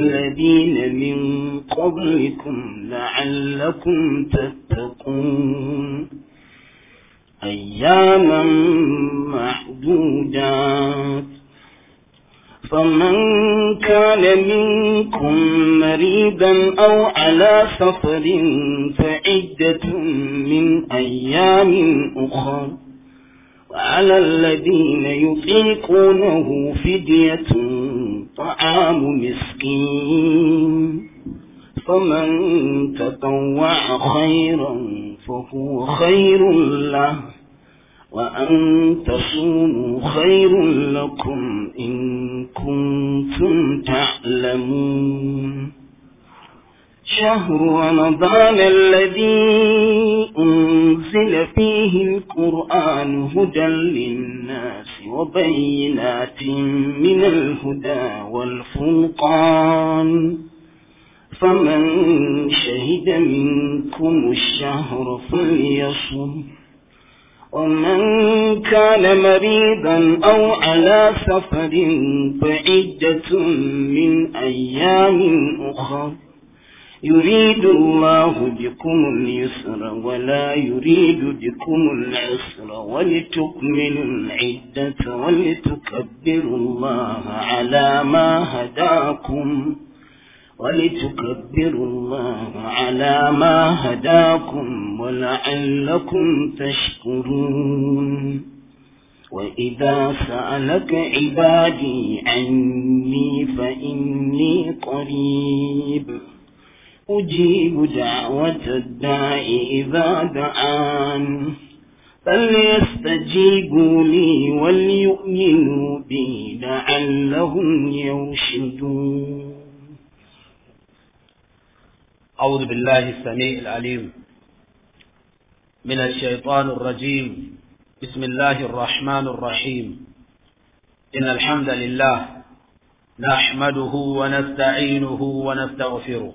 الذين من قبلكم لعلكم تتقون أياما معدودات فمن كان منكم مريضا أو على سفر فعدة من أيام أخر وعلى الذين يطيقونه فدية طعام مسكين المسكين فمن تطوع خيرا فهو خير له وأن تصوموا خير لكم إن كنتم تعلمون شهر رمضان الذي أنزل فيه القرآن هدى للناس وبينات من الهدى والفرقان فمن شهد منكم الشهر فليصم ومن كان مريضا أو على سفر فعدة من أيام أخر يريد الله بكم اليسر ولا يريد بكم العسر ولتكملوا العدة ولتكبروا الله على ما هداكم ولتكبروا الله على ما هداكم ولعلكم تشكرون وإذا سألك عبادي عني فإني قريب أجيب دعوة الداء إذا دعان فليستجيبوا لي وليؤمنوا بي لعلهم يرشدون أعوذ بالله السميع العليم من الشيطان الرجيم بسم الله الرحمن الرحيم إن الحمد لله نحمده ونستعينه ونستغفره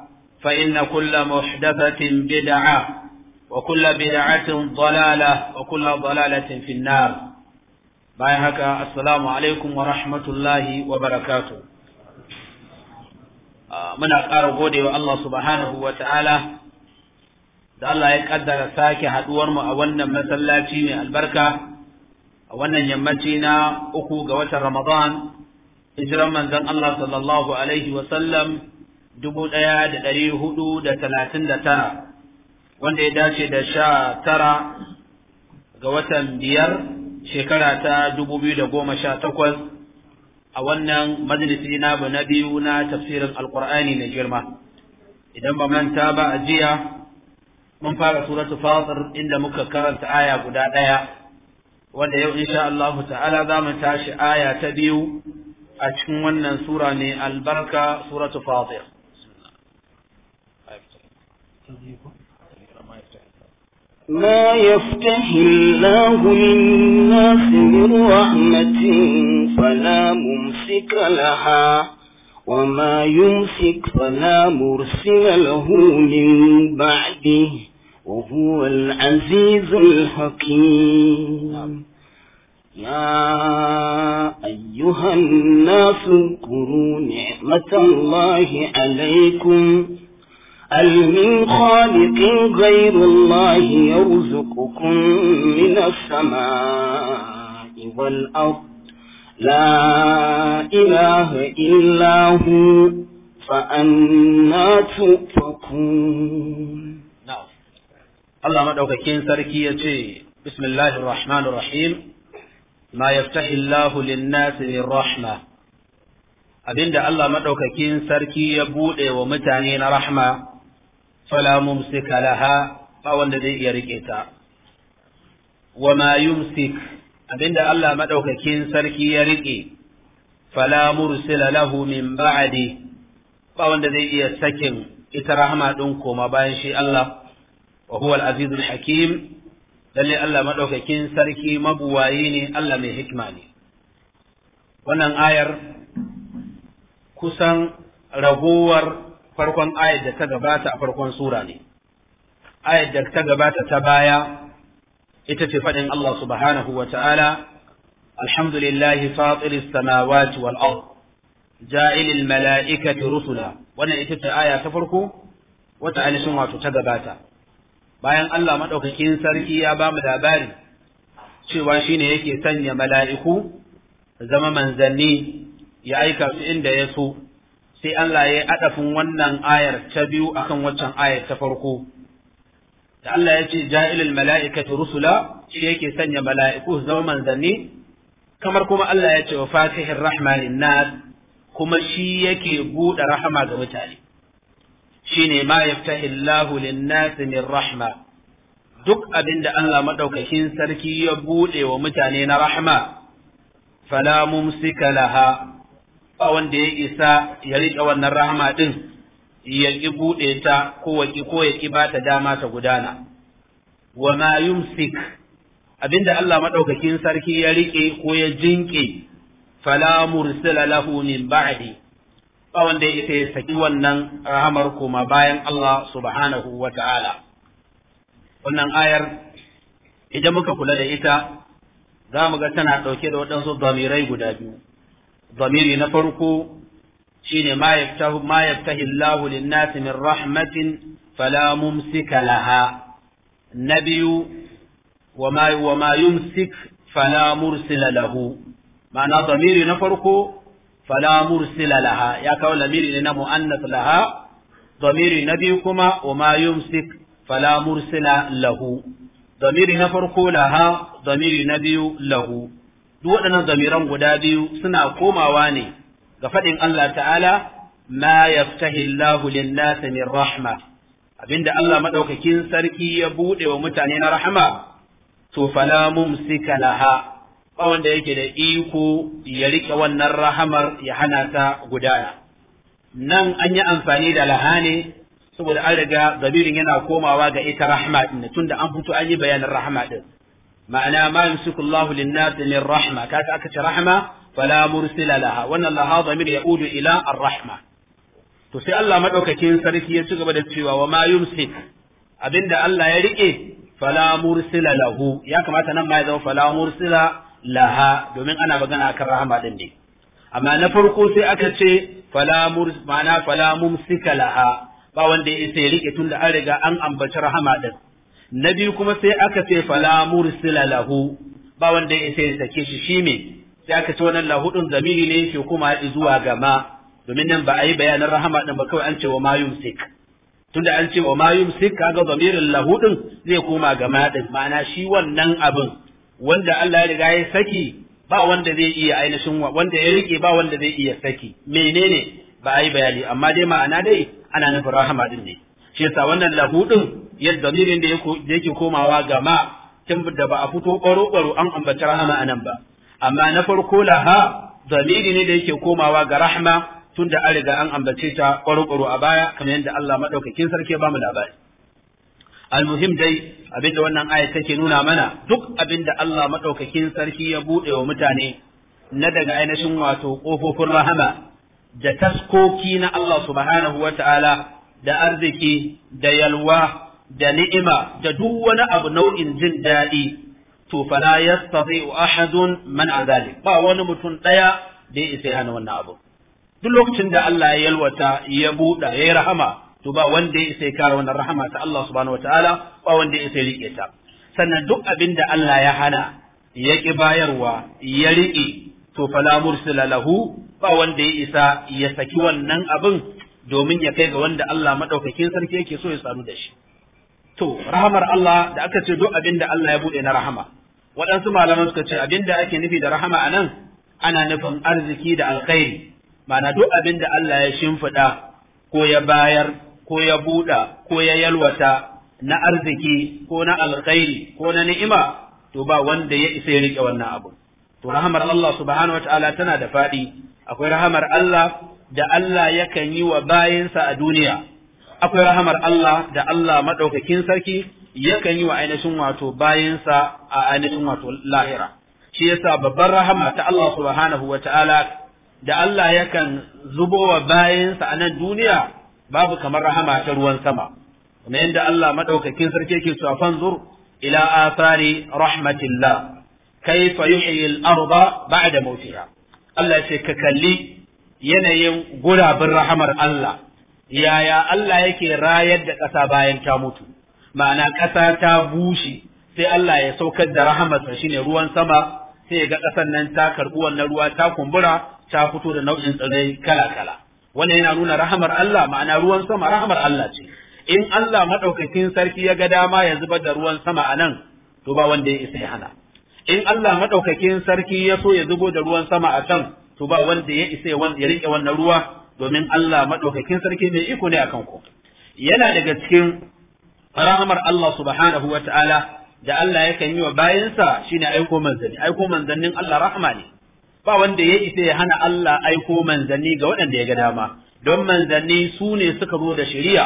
فإن كل محدثة بدعة وكل بدعة ضلالة وكل ضلالة في النار بايهك السلام عليكم ورحمة الله وبركاته muna ƙara gode wa Allah subhanahu wa ta'ala da Allah ya ƙaddara sake haɗuwarmu a wannan masallaci mai albarka a wannan yammaci na uku ga watan Ramadan, hijiran manzon Allah sallallahu Alaihi sallam. dubu ɗaya da ɗari hudu da talatin da tara wanda ya dace da sha tara ga watan biyar shekara ta dubu biyu da goma sha takwas a wannan majalisi na na biyu na tafsirin Alƙur'ani na girma idan ba manta ba a jiya mun fara suratu fatir inda muka karanta aya guda ɗaya wanda yau insha Allah ta'ala za mu tashi aya ta biyu a cikin wannan sura ne albarka suratu fatir ما يفتح الله للناس من رحمة فلا ممسك لها وما يمسك فلا مرسل له من بعده وهو العزيز الحكيم يا أيها الناس اذكروا نعمة الله عليكم هل من خالق غير الله يرزقكم من السماء والأرض لا إله إلا هو فأنا تؤفكون الله مدعوكين سركية بسم الله الرحمن الرحيم ما يفتح الله للناس من رحمة abinda Allah madaukakin sarki ya bude wa mutane na rahma fala mumsika ba wanda zai iya rike ta wa yumsik abinda Allah maɗaukakin sarki ya riƙe fala mursila lahu min ba'di ba wanda zai iya sakin ita rahama ɗin koma bayan shi Allah wa huwa al-azizul hakim lalle Allah madaukakin sarki mabuwayi ne Allah mai hikima ne wannan ayar kusan ragowar farkon ayar da ta gabata a farkon sura ne ayar da ta gabata ta baya ita ce faɗin Allah subhanahu wa ta'ala alhamdulillahi fatir samawati wal ard ja'ilil mala'ikati rusula wannan ita ce aya ta farko wata ainihin wato ta gabata bayan Allah maɗaukakin sarki ya ba mu labari cewa shine yake sanya mala'iku zama manzanni ya aika su inda ya so sai Allah ya adafin wannan ayar ta biyu akan waccan ayar ta farko da Allah ya ce ja'ilul mala'ikatu rusula shi yake sanya mala'iku zama manzanni kamar kuma Allah ya ce wa fatihir rahmanin nas kuma shi yake buɗe rahama ga mutane shine ma yaftahillahu lin-nas min rahma duk abinda Allah madaukakin sarki ya buɗe wa mutane na rahma fala mumsika laha ba wanda ya isa ya riƙe wannan rahama ɗin ya ƙi buɗe ta ko ya ko ya ƙi ba ta dama ta gudana wa ma yumsik abinda Allah madaukakin sarki ya riƙe ko ya jinƙe fala mursala lahu min ba'di ba wanda ya isa ya saki wannan rahamar koma bayan Allah subhanahu wa ta'ala wannan ayar idan muka kula da ita za mu ga tana ɗauke da waɗansu zamirai guda biyu ضميري نفركو شين ما يفتح ما يفتح الله للناس من رحمة فلا ممسك لها النبي وما وما يمسك فلا مرسل له معنى ضميري نفركو فلا مرسل لها يا كو ضميري لنا مؤنث لها ضميري نبيكما وما يمسك فلا مرسل له ضميري نفركو لها ضميري نبي له duk waɗannan zamiran guda biyu suna komawa ne ga faɗin Allah ta'ala ma yaftahi Allahu min rahma abinda Allah maɗaukakin sarki ya buɗe wa mutane na rahama to fala mumsika laha ba wanda yake da iko ya rike wannan rahamar ya hana ta gudana nan an yi amfani da lahani saboda an riga zabirin yana komawa ga ita rahma din tunda an fito an yi bayanin rahma din ma'ana ma yumsiku Allahu lin-nas min rahma kaga aka ce rahma fala mursila laha wannan laha zamir yaudu ila ar-rahma to sai Allah madaukakin sarki ya ci gaba da cewa wa ma yumsik abinda Allah ya rike fala mursila lahu ya kamata nan ma ya zama fala mursila laha domin ana magana akan rahama din ne amma na farko sai aka ce fala murs ma'ana fala mumsika laha ba wanda ya sai rike tun da an riga an ambaci rahama din na biyu kuma sai aka ce fala mursila lahu ba wanda ya sai sake shi shi me sai aka ce wannan lahudin zamiri ne yake kuma zuwa ga ma domin nan ba a yi bayanan rahama din ba kawai an ce wa ma yumsik tunda an ce wa ma yumsik kaga zamirin lahudin zai koma ga ma din ma'ana shi wannan abin wanda Allah ya riga ya saki ba wanda zai iya ainihin wanda ya rike ba wanda zai iya saki menene ba a yi bayani amma dai ma'ana dai ana nufin rahama din ne shi yasa wannan lahu din yadda mirin da yake komawa ga ma tun da ba a fito ƙwaro ƙwaro an ambaci rahama a nan ba amma na farko laha zamiri ne da yake komawa ga Rahama, tun da an riga an ambace ta ƙwaro ƙwaro a baya kamar yadda Allah maɗaukakin sarki ba mu labari almuhim dai abin da wannan ayat take nuna mana duk abin da Allah maɗaukakin sarki ya buɗe wa mutane na daga ainihin wato ƙofofin rahama da taskoki na Allah subhanahu wa da arziki da yalwa da ni'ima da duk wani abu nau'in jin daɗi to fala yastati ahadun man azali ba wani mutum ɗaya da ya isa hana wannan abu duk lokacin da Allah ya yalwata ya buɗa ya yi rahama to ba wanda ya isa kare wannan rahama ta Allah subhanahu wataala ba wanda ya sai rike ta sannan duk abin da Allah ya hana ya ki bayarwa ya rike to fala mursila lahu ba wanda ya isa ya saki wannan abin domin ya kai ga wanda Allah madaukakin sarki yake so ya samu da shi to rahamar Allah da aka ce duk abin da Allah ya bude na rahama waɗansu malaman suka ce abin da ake nufi da rahama a nan ana nufin arziki da alkhairi ma'ana duk abin da Allah ya shimfiɗa ko ya bayar ko ya buɗa ko ya yalwata na arziki ko na alkhairi ko na ni'ima to ba wanda ya isa ya riƙe wannan abu to rahamar Allah subhanahu ta'ala, tana da faɗi akwai rahamar Allah da Allah yakan yi wa bayinsa a duniya akwai rahamar Allah da Allah madaukakin sarki yakan yi wa ainihin wato bayinsa a ainihin wato lahira shi yasa babbar rahama ta Allah subhanahu ta'ala da Allah yakan zubo wa bayinsa a nan duniya babu kamar rahama ta ruwan sama kuma yadda Allah madaukakin sarki yake cewa fanzur ila asari rahmatillah kaifa yuhyi al-arda ba'da mawtiha Allah ya ce ka kalli yanayin gurabin rahamar Allah yaya Allah yake rayar da ƙasa bayan ta mutu ma'ana ƙasa ta bushe sai Allah ya saukar da rahamarsa shine ruwan sama sai ya ga ƙasar nan ta karɓi wannan ruwa ta kumbura ta fito da nau'in tsirrai kala-kala wannan yana nuna rahamar Allah ma'ana ruwan sama rahamar Allah ce in Allah maɗaukakin sarki ya ga dama ya zubar da ruwan sama a nan to ba wanda ya isa ya hana in Allah maɗaukakin sarki ya so ya zubo da ruwan sama a can to ba wanda ya isa ya rike wannan ruwa domin Allah madaukakin sarki mai iko ne akan ku yana daga cikin rahamar Allah subhanahu wa ta'ala da Allah yakan yi wa bayansa shine aiko manzanni aiko manzannin Allah rahama ne ba wanda ya isa ya hana Allah aiko manzanni ga waɗanda ya ga dama don manzanni su ne suka zo da shari'a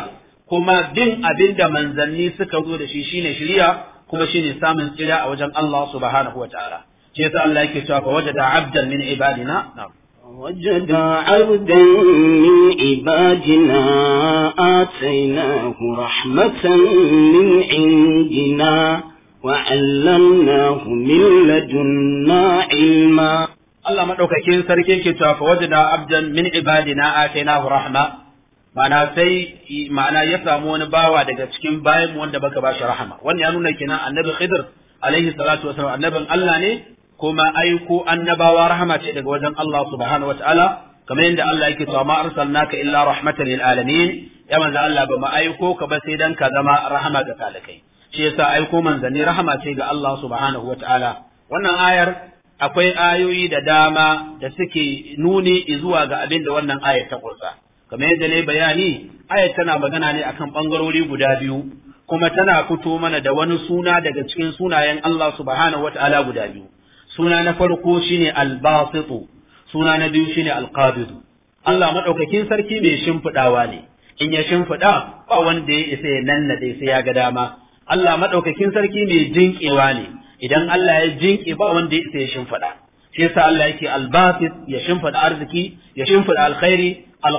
kuma bin abin da manzanni suka zo da shi shine shari'a kuma shine samun tsira a wajen Allah subhanahu wa ta'ala shi sa Allah yake cewa fa wajada abdan min ibadina وجد عبدا من عبادنا Allah maɗaukakin sarki ke cewa fa wajada abdan min ibadina atainahu rahma ma'ana sai ma'ana ya samu wani bawa daga cikin bayan wanda baka bashi rahama wannan ya nuna kenan annabi Khidir alaihi salatu wasallam annabin Allah ne kuma aiko annabawa rahama ce daga wajen Allah subhanahu wataala kamar yadda Allah yake cewa ma arsalnaka illa rahmatan lil alamin ya manzo Allah ba mu aiko ka ba sai dan ka zama rahama ga talakai shi yasa aiko manzanni rahama ce ga Allah subhanahu wataala wannan ayar akwai ayoyi da dama da suke nuni zuwa ga abin da wannan ayar ta kursa kamar yadda ne bayani ayar tana magana ne akan bangarori guda biyu kuma tana fito mana da wani suna daga cikin sunayen Allah subhanahu wataala guda biyu suna na farko shine al suna na biyu shine al-qabid Allah madaukakin sarki mai shimfidawa ne in ya shimfida ba wanda ya isa ya nannade sai ya ga dama Allah madaukakin sarki mai jinkewa ne idan Allah ya jinke ba wanda ya isa ya shimfida shi yasa Allah yake al ya shimfida arziki ya shimfida alkhairi al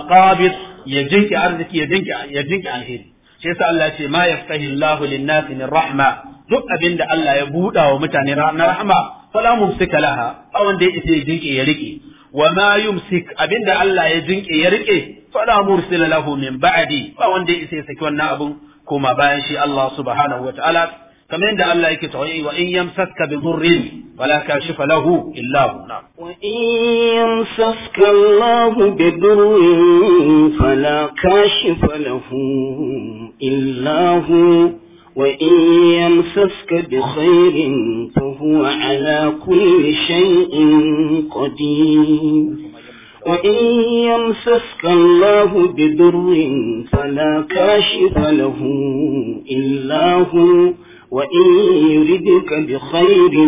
ya jinke arziki ya jinke ya jinke alheri shi yasa Allah ce ma yaftahi Allahu lin-nasi min rahma duk abinda Allah ya buɗa wa mutane na rahma fala mumsika laha a wanda ya isa ya jinke ya rike wa ma yumsik abinda Allah ya jinke ya rike fala mursila lahu min ba'di ba wanda isa ya saki wannan abun koma bayan shi Allah subhanahu wa ta'ala kamar yadda Allah yake tawayi wa in yamsaska bi dhurrin ولا كاشف له إلا هو نعم وإن يمسسك الله بضر فلا كاشف له إلا هو وإن يمسسك بخير فهو على كل شيء قدير وإن يمسسك الله بضر فلا كاشف له إلا هو وإن يردك بخير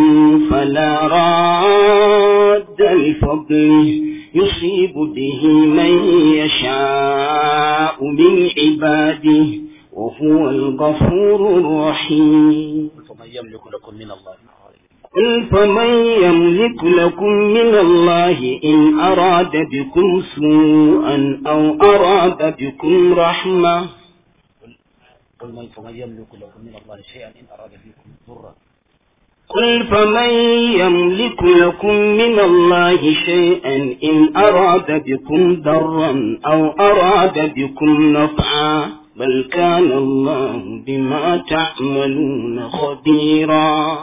فلا راد لفضله يصيب به من يشاء من عباده وهو الغفور الرحيم قل فمن يملك لكم من الله قل فمن يملك لكم من الله إن أراد بكم سوءا أو أراد بكم رحمة قل فمن يملك لكم من الله شيئا إن أراد بكم ضرا قل فمن يملك لكم من الله شيئا إن أراد بكم ضرا أو أراد بكم نفعا بل كان الله بما تعملون خبيرا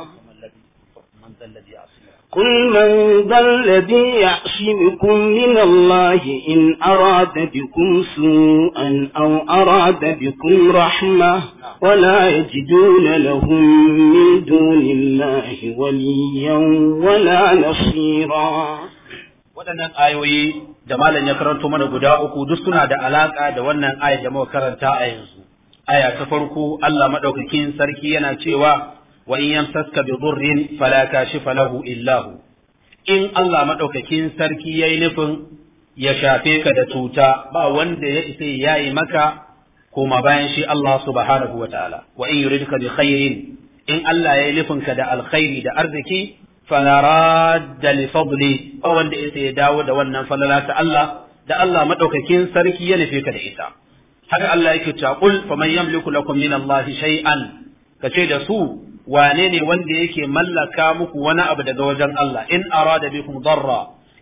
قل من ذا الذي يعصمكم من الله إن أراد بكم سوءا أو أراد بكم رحمة ولا يجدون لهم من دون الله وليا ولا نصيرا waɗannan ayoyi da malam ya karanto mana guda uku duk suna da alaka da wannan aya da muka karanta a yanzu aya ta farko Allah madaukakin sarki yana cewa wa in yamsaska bi dhurrin fala kashifa lahu illa hu in Allah madaukakin sarki yayi nufin ya shafe ka da cuta ba wanda ya isa yayi maka kuma bayan shi Allah subhanahu wa wa in yuridka bi khairin in Allah yayi nufin ka da alkhairi da arziki fala radda li fadli wanda yasa ya dawo da wannan falala ta Allah da Allah maɗaukakin sarki ya nufi ka da ita haka Allah yake cewa qul faman yamliku lakum min Allah shay'an kace da su wanene ne wanda yake mallaka muku wani abu daga wajen Allah in arada bikum darra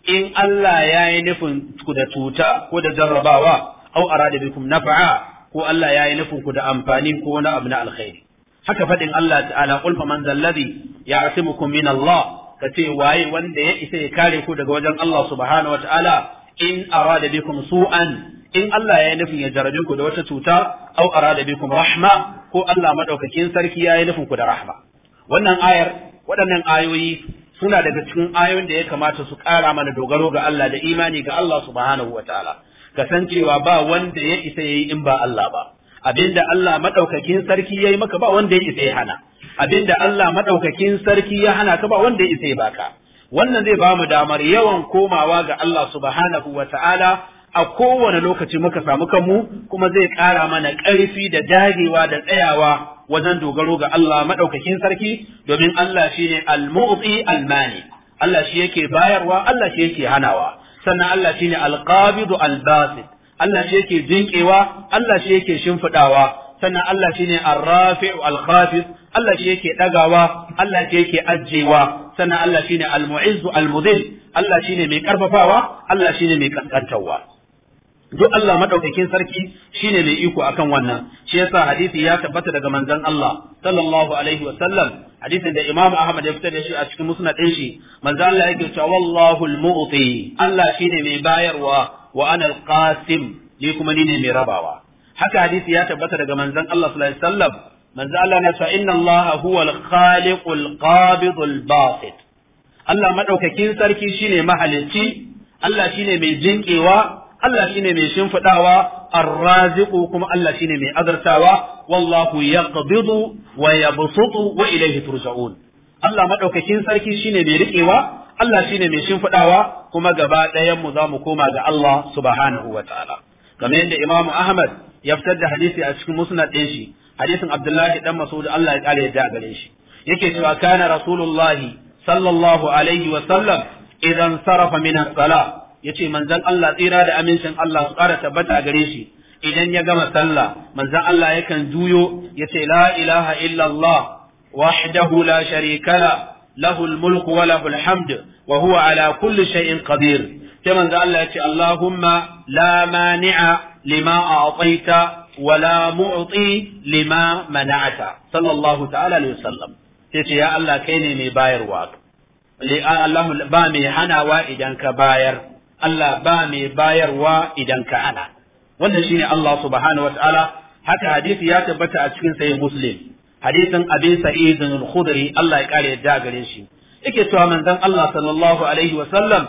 in Allah ya yi nufin da cuta ko da jarrabawa au arada bikum naf'a ko Allah ya yi nufin ku da amfani ko wani abu na alkhairi haka faɗin Allah ta'ala qul man zalladhi ya'simukum min Allah kace waye wanda ya isa ya kare ku daga wajen Allah subhanahu wa ta'ala in arada bikum su'an in Allah ya yi nufin ya jarabe ku da wata cuta au arada bikum rahma ko Allah madaukakin sarki ya yi nufin ku da rahma wannan ayar waɗannan ayoyi suna daga cikin ayoyin da ya kamata su ƙara mana dogaro ga Allah da imani ga Allah subhanahu wataala kasancewa ba wanda ya isa yayi in ba Allah ba abinda Allah maɗaukakin sarki yayi maka ba wanda ya isa ya hana abinda Allah maɗaukakin sarki ya hana ka ba wanda ya isa ya baka wannan zai bamu damar yawan komawa ga Allah subhanahu ta'ala a kowane lokaci muka samu kanmu kuma zai ƙara mana ƙarfi da dagewa da tsayawa wajen dogaro ga Allah maɗaukakin sarki domin Allah shi ne al-mu'ti al-mani Allah shi yake bayarwa Allah shi yake hanawa sannan Allah shi ne al-qabidu al-basit Allah shi yake jinkewa Allah shi yake shimfidawa sannan Allah shi ne rafiu al-khafid Allah shi yake ɗagawa. Allah shi yake ajjewa sannan Allah shine al-mu'izzu al-mudhill Allah ne mai ƙarfafawa. Allah ne mai kaskantawa duk Allah maɗaukakin sarki shine mai iko akan wannan shi yasa hadisi ya tabbata daga manzon Allah sallallahu alaihi sallam. hadisin da Imam Ahmad ya fitar da shi a cikin musnad ɗin shi manzon Allah yake ce wallahu al-mu'ti Allah shine mai bayarwa wa ana alqasim ni kuma ni ne mai rabawa haka hadisi ya tabbata daga manzon Allah sallallahu alaihi wasallam manzon Allah ne fa inna Allah huwa al-khaliqul qabidul basit Allah madaukakin sarki shine mahalicci Allah shine mai jinkewa Allah shine mai shimfidawa ar kuma Allah shine mai azartawa wallahu yaqbidu wa yabsutu wa ilayhi turja'un Allah madaukakin sarki shine mai riƙewa Allah shine mai shimfiɗawa kuma gaba ɗayan mu za mu koma ga Allah subhanahu wa ta'ala kamar yadda Imam Ahmad ya fitar da hadisi a cikin musnad ɗin shi hadisin Abdullahi dan Mas'ud Allah ya kare yadda gare shi yake cewa kana Rasulullahi sallallahu alaihi wa sallam idan sarafa min as-sala yace manzon Allah tsira da amincin Allah su ƙara tabbata gare shi idan ya gama sallah manzon Allah yakan juyo ce la ilaha illallah wahdahu la sharika la lahul mulku wa lahul hamd wa ala kulli shay'in qadir Ta manza Allah ya ce Allahumma la mani'a lima a'taita wa la lima mana'ata sallallahu ta'ala alaihi wasallam sai ce ya Allah kai ne mai bayarwa Allah ba mai hanawa idan ka bayar Allah ba mai bayarwa idan ka hana wannan shine Allah subhanahu wataala haka hadisi ya tabbata a cikin sahih muslim hadisin abin sa'id al-khudri Allah ya kare ya gare shi yake cewa manzon Allah sallallahu alaihi wa sallam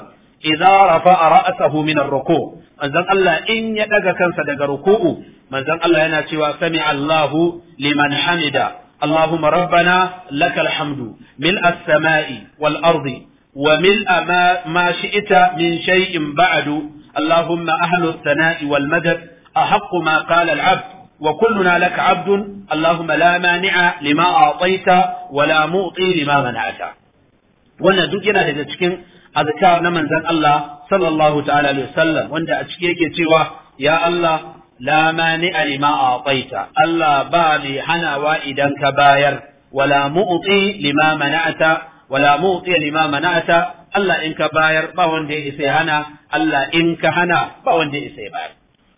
idza rafa'a ra'sahu min ar-ruku manzon Allah in ya ɗaga kansa daga ruku'u manzon Allah yana cewa sami Allahu liman hamida Allahumma rabbana lakal hamdu mil as-sama'i wal arzi, wa mil ma, ma shi'ta min shay'in ba'du Allahumma ahlu as-sana'i wal madad ahaqqu ma qala al-'abd وكلنا لك عبد اللهم لا مانع لما أعطيت ولا معطي لما منعت وانا دوكنا لتشكين أذكار نمن ذن الله صلى الله تعالى عليه وسلم وانا أشكيك سوى يا الله لا مانع لما أعطيت الله بالي حنا وإذا كباير ولا معطي لما منعت ولا معطي لما منعت Allah in ka bayar ba wanda ya isa hana Allah in ka hana ba wanda ya isa bayar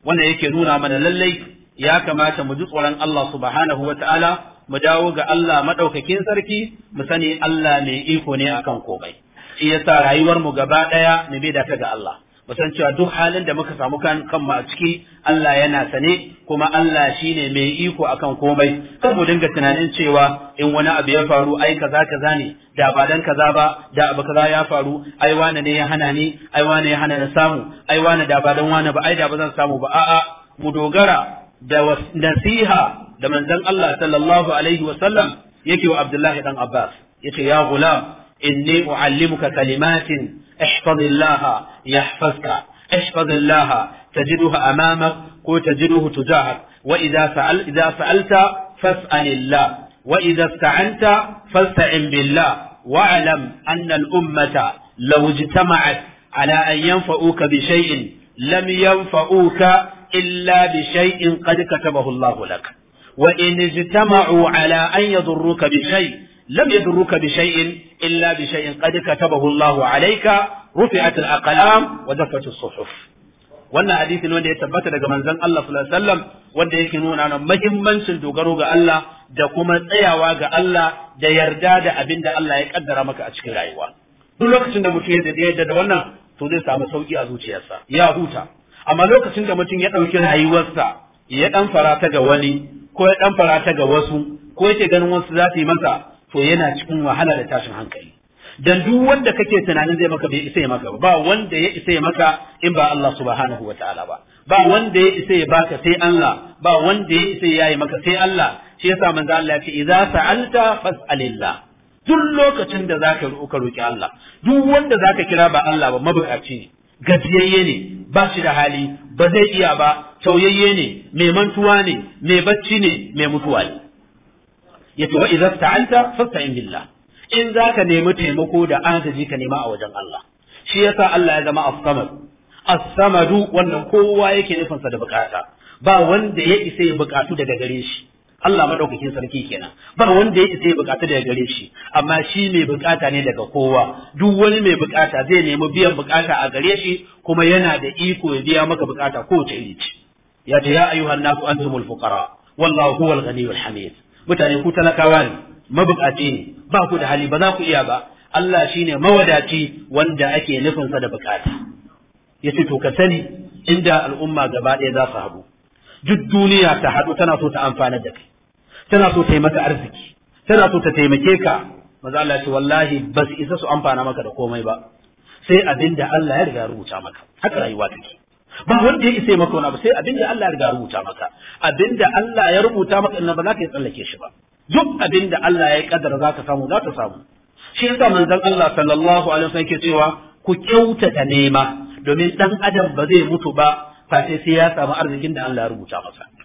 wannan yake nuna mana lallai ya kamata mu ji tsoron Allah subhanahu wa ta'ala mu dawo ga Allah maɗaukakin sarki mu sani Allah mai iko ne akan komai shi yasa rayuwar mu gaba daya mu bi da ta ga Allah mu san cewa duk halin da muka samu kan kanmu a ciki Allah yana sane kuma Allah shine mai iko akan komai kar mu dinga tunanin cewa in wani abu ya faru ai kaza kaza ne da ba dan kaza ba da abu kaza ya faru ai wane ne ya hana ni ai wane ya hana na samu ai wane da ba dan wani ba ai da ba zan samu ba a'a mu dogara da nasiha da manzon Allah sallallahu alaihi wa sallam yake wa Abdullahi dan Abbas yace ya gulam inni uallimuka kalimatin ihfazillaha yahfazka ihfazillaha tajiduha amamak ko tajiduhu tujahak wa idza sa'al idza sa'alta fas'alillah wa idza ista'anta fasta'in billah واعلم أن الأمة لو اجتمعت على أن ينفعوك بشيء لم ينفعوك illa bi shay'in qad katabahu Allahu lak wa in ijtama'u ala an yadurruka bi shay' lam yadurruka bi shay'in illa bi shay'in qad katabahu Allahu alayka rufi'at al-aqlam wa daffat as-suhuf wannan hadisin wanda ya tabbata daga manzon Allah sallallahu alaihi wasallam wanda yake nuna na muhimmancin dogaro ga Allah da kuma tsayawa ga Allah da yarda da abin da Allah ya kaddara maka a cikin rayuwa duk lokacin da mutum ya yarda da wannan to zai samu sauki a zuciyarsa ya huta amma lokacin da mutum ya ɗauki rayuwarsa ya ɗan farata ga wani ko ya ɗan farata ga wasu ko yake ganin wasu za su yi masa to yana cikin wahala da tashin hankali dan duk wanda kake tunanin zai maka bai isa ya maka ba wanda ya isa ya maka in ba Allah subhanahu Ta'ala ba ba wanda ya isa ya baka sai Allah ba wanda ya isa ya yi maka sai Allah shi yasa manzo Allah ya ce idza sa'alta fas'alillah duk lokacin da zaka roƙa roki Allah duk wanda zaka kira ba Allah ba mabukaci ne gajiyayye ne ba shi da hali ba zai iya ba tauyayye ne mai mantuwa ne mai bacci ne mai mutuwa ne ce wa idza ta'alta fasta'in billah in za ka nemi taimako da agaji ka nema a wajen Allah shi yasa Allah ya zama as-samad as-samadu wannan kowa yake nufinsa da bukata ba wanda ya isa ya bukatu daga gare shi Allah madaukakin sarki kenan ba wanda ya isa ya bukata daga gare shi amma shi mai bukata ne daga kowa duk wani mai bukata zai nemi biyan bukata a gare shi kuma yana da iko ya biya maka bukata ko ta iri ce ya ce ya ayyuhan nasu antumul fuqara wallahu huwal ghaniyul hamid mutane ku talakawa ne mabukaci ne ba ku da hali ba za ku iya ba Allah shine mawadaci wanda ake nufinsa da bukata yace to ka sani inda al'umma gaba ɗaya za su haɗu duk duniya ta haɗu tana so ta amfanar da kai tana so ta yi maka arziki tana so ta taimake ka maza Allah ce wallahi ba su isa su amfana maka da komai ba sai abin da Allah ya riga rubuta maka haka rayuwa take ba wanda ya isa maka wani abu sai abin da Allah ya riga rubuta maka abin da Allah ya rubuta maka inna ba za ka yi tsallake shi ba duk abin da Allah ya yi kaddara za ka samu za ka samu shi yasa manzon Allah sallallahu alaihi wasallam yake cewa ku da nema domin dan adam ba zai mutu ba face sai ya samu arzikin da Allah ya rubuta masa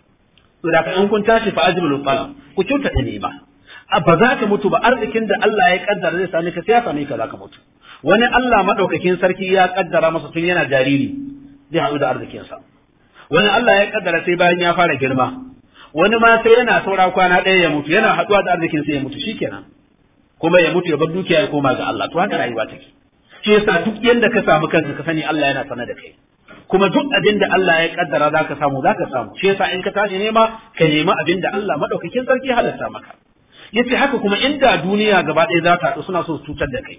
to da kun tashi fa ajrul qalam ku cuta ta ne ba ba za ka mutu ba arzikin da Allah ya kaddara zai sani ka sai ya ka za ka mutu wani Allah madaukakin sarki ya kaddara masa tun yana jariri zai hadu da arzikinsa wani Allah ya kaddara sai bayan ya fara girma wani ma sai yana saura kwana ɗaya ya mutu yana haɗuwa da arzikin sai ya mutu shikenan kuma ya mutu ya bar dukiya ya koma ga Allah to haka rayuwa take shi yasa duk yanda ka samu kanka ka sani Allah yana sanar da kai kuma duk abin da Allah ya kaddara za ka samu za ka samu shi yasa in ka tashi nema ka nemi abin da Allah madaukakin sarki halatta maka yace haka kuma inda duniya gaba ɗaya za ta suna so su cutar da kai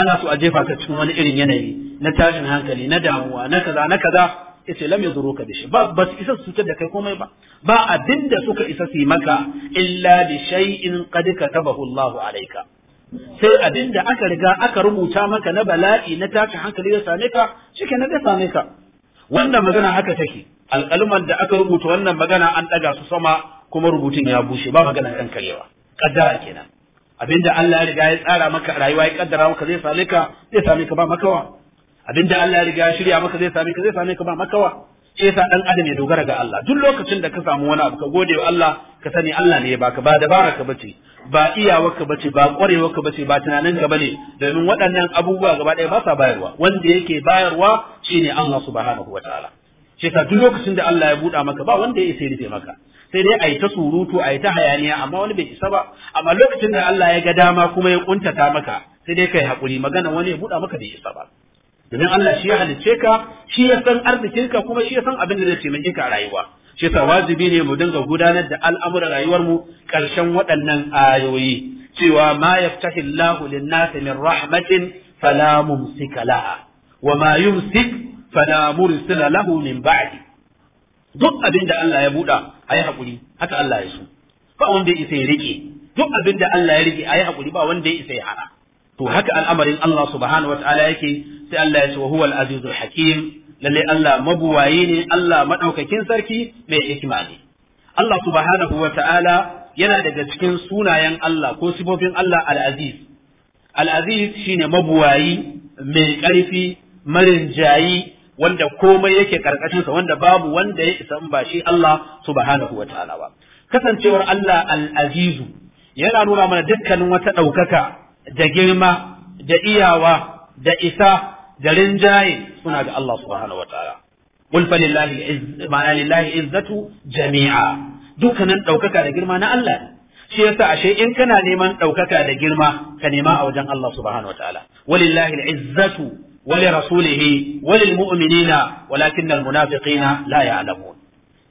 ana so a jefa ka cikin wani irin yanayi na tashin hankali na damuwa na kaza na kaza yace lam ka bi ba ba su isa su cutar da kai komai ba ba abin da suka isa su yi maka illa bi shay'in qad katabahu Allahu alayka sai abin da aka riga aka rubuta maka na bala'i na tashin hankali ya same ka shike na da same ka wannan magana haka take alƙaluman da aka rubuta wannan magana an ɗaga su sama kuma rubutun ya bushe ba magana kan karewa kaddara kenan abinda Allah ya riga ya tsara maka rayuwa ya kaddara maka zai same ka zai same ka ba makawa abinda Allah ya riga ya shirya maka zai same ka zai same ka ba makawa shi yasa dan adam ya dogara ga Allah duk lokacin da ka samu wani abu ka gode wa Allah ka sani Allah ne ya baka ba dabara ka bace ba iyawarka bace ba kwarewarka bace ba tunanin ka bane domin waɗannan abubuwa gaba ɗaya ba sa bayarwa wanda yake bayarwa shine Allah subhanahu wataala shi yasa duk lokacin da Allah ya buɗa maka ba wanda ya isa rufe maka sai dai a yi ta surutu a yi ta hayaniya amma wani bai isa ba amma lokacin da Allah ya ga dama kuma ya kuntata maka sai dai kai hakuri magana wani ya buɗa maka bai isa ba domin Allah shi ya halicce ka shi ya san arzikinka kuma shi ya san abin da zai taimake ka a rayuwa shi wajibi ne mu dinga gudanar da al'amuran rayuwar mu karshen waɗannan ayoyi cewa ma yaftahi Allahu lin-nasi min rahmatin fala mumsika laha wa ma yumsik fala mursila lahu min ba'di duk abin da Allah ya buɗa ayi hakuri haka Allah ya so ba wanda isa ya rike duk abin da Allah ya rike ayi hakuri ba wanda ya isa ya hana to haka al'amarin Allah subhanahu wa ta'ala yake sai Allah ya ce wa huwa al-azizul hakim lalle Allah mabuwayi ne Allah madaukakin sarki mai hikima ne Allah subhanahu wa ta'ala yana daga cikin sunayen Allah ko sifofin Allah al-aziz al-aziz shine mabuwayi mai karfi marin jayi wanda komai yake karkashin sa wanda babu wanda ya isa ba shi Allah subhanahu wa ta'ala ba kasancewar Allah al yana nuna mana dukkanin wata ɗaukaka da girma da iyawa da isa da rinjaye suna ga Allah subhanahu ta'ala. qul fa lillahi izzatu jami'a dukkanin daukaka da girma na Allah shi yasa ashe in kana neman daukaka da girma ka nema a wajen Allah subhanahu wataala walillahi izzatu wa li rasulihi wa lil mu'minina walakinnal munafiqina la ya'lamun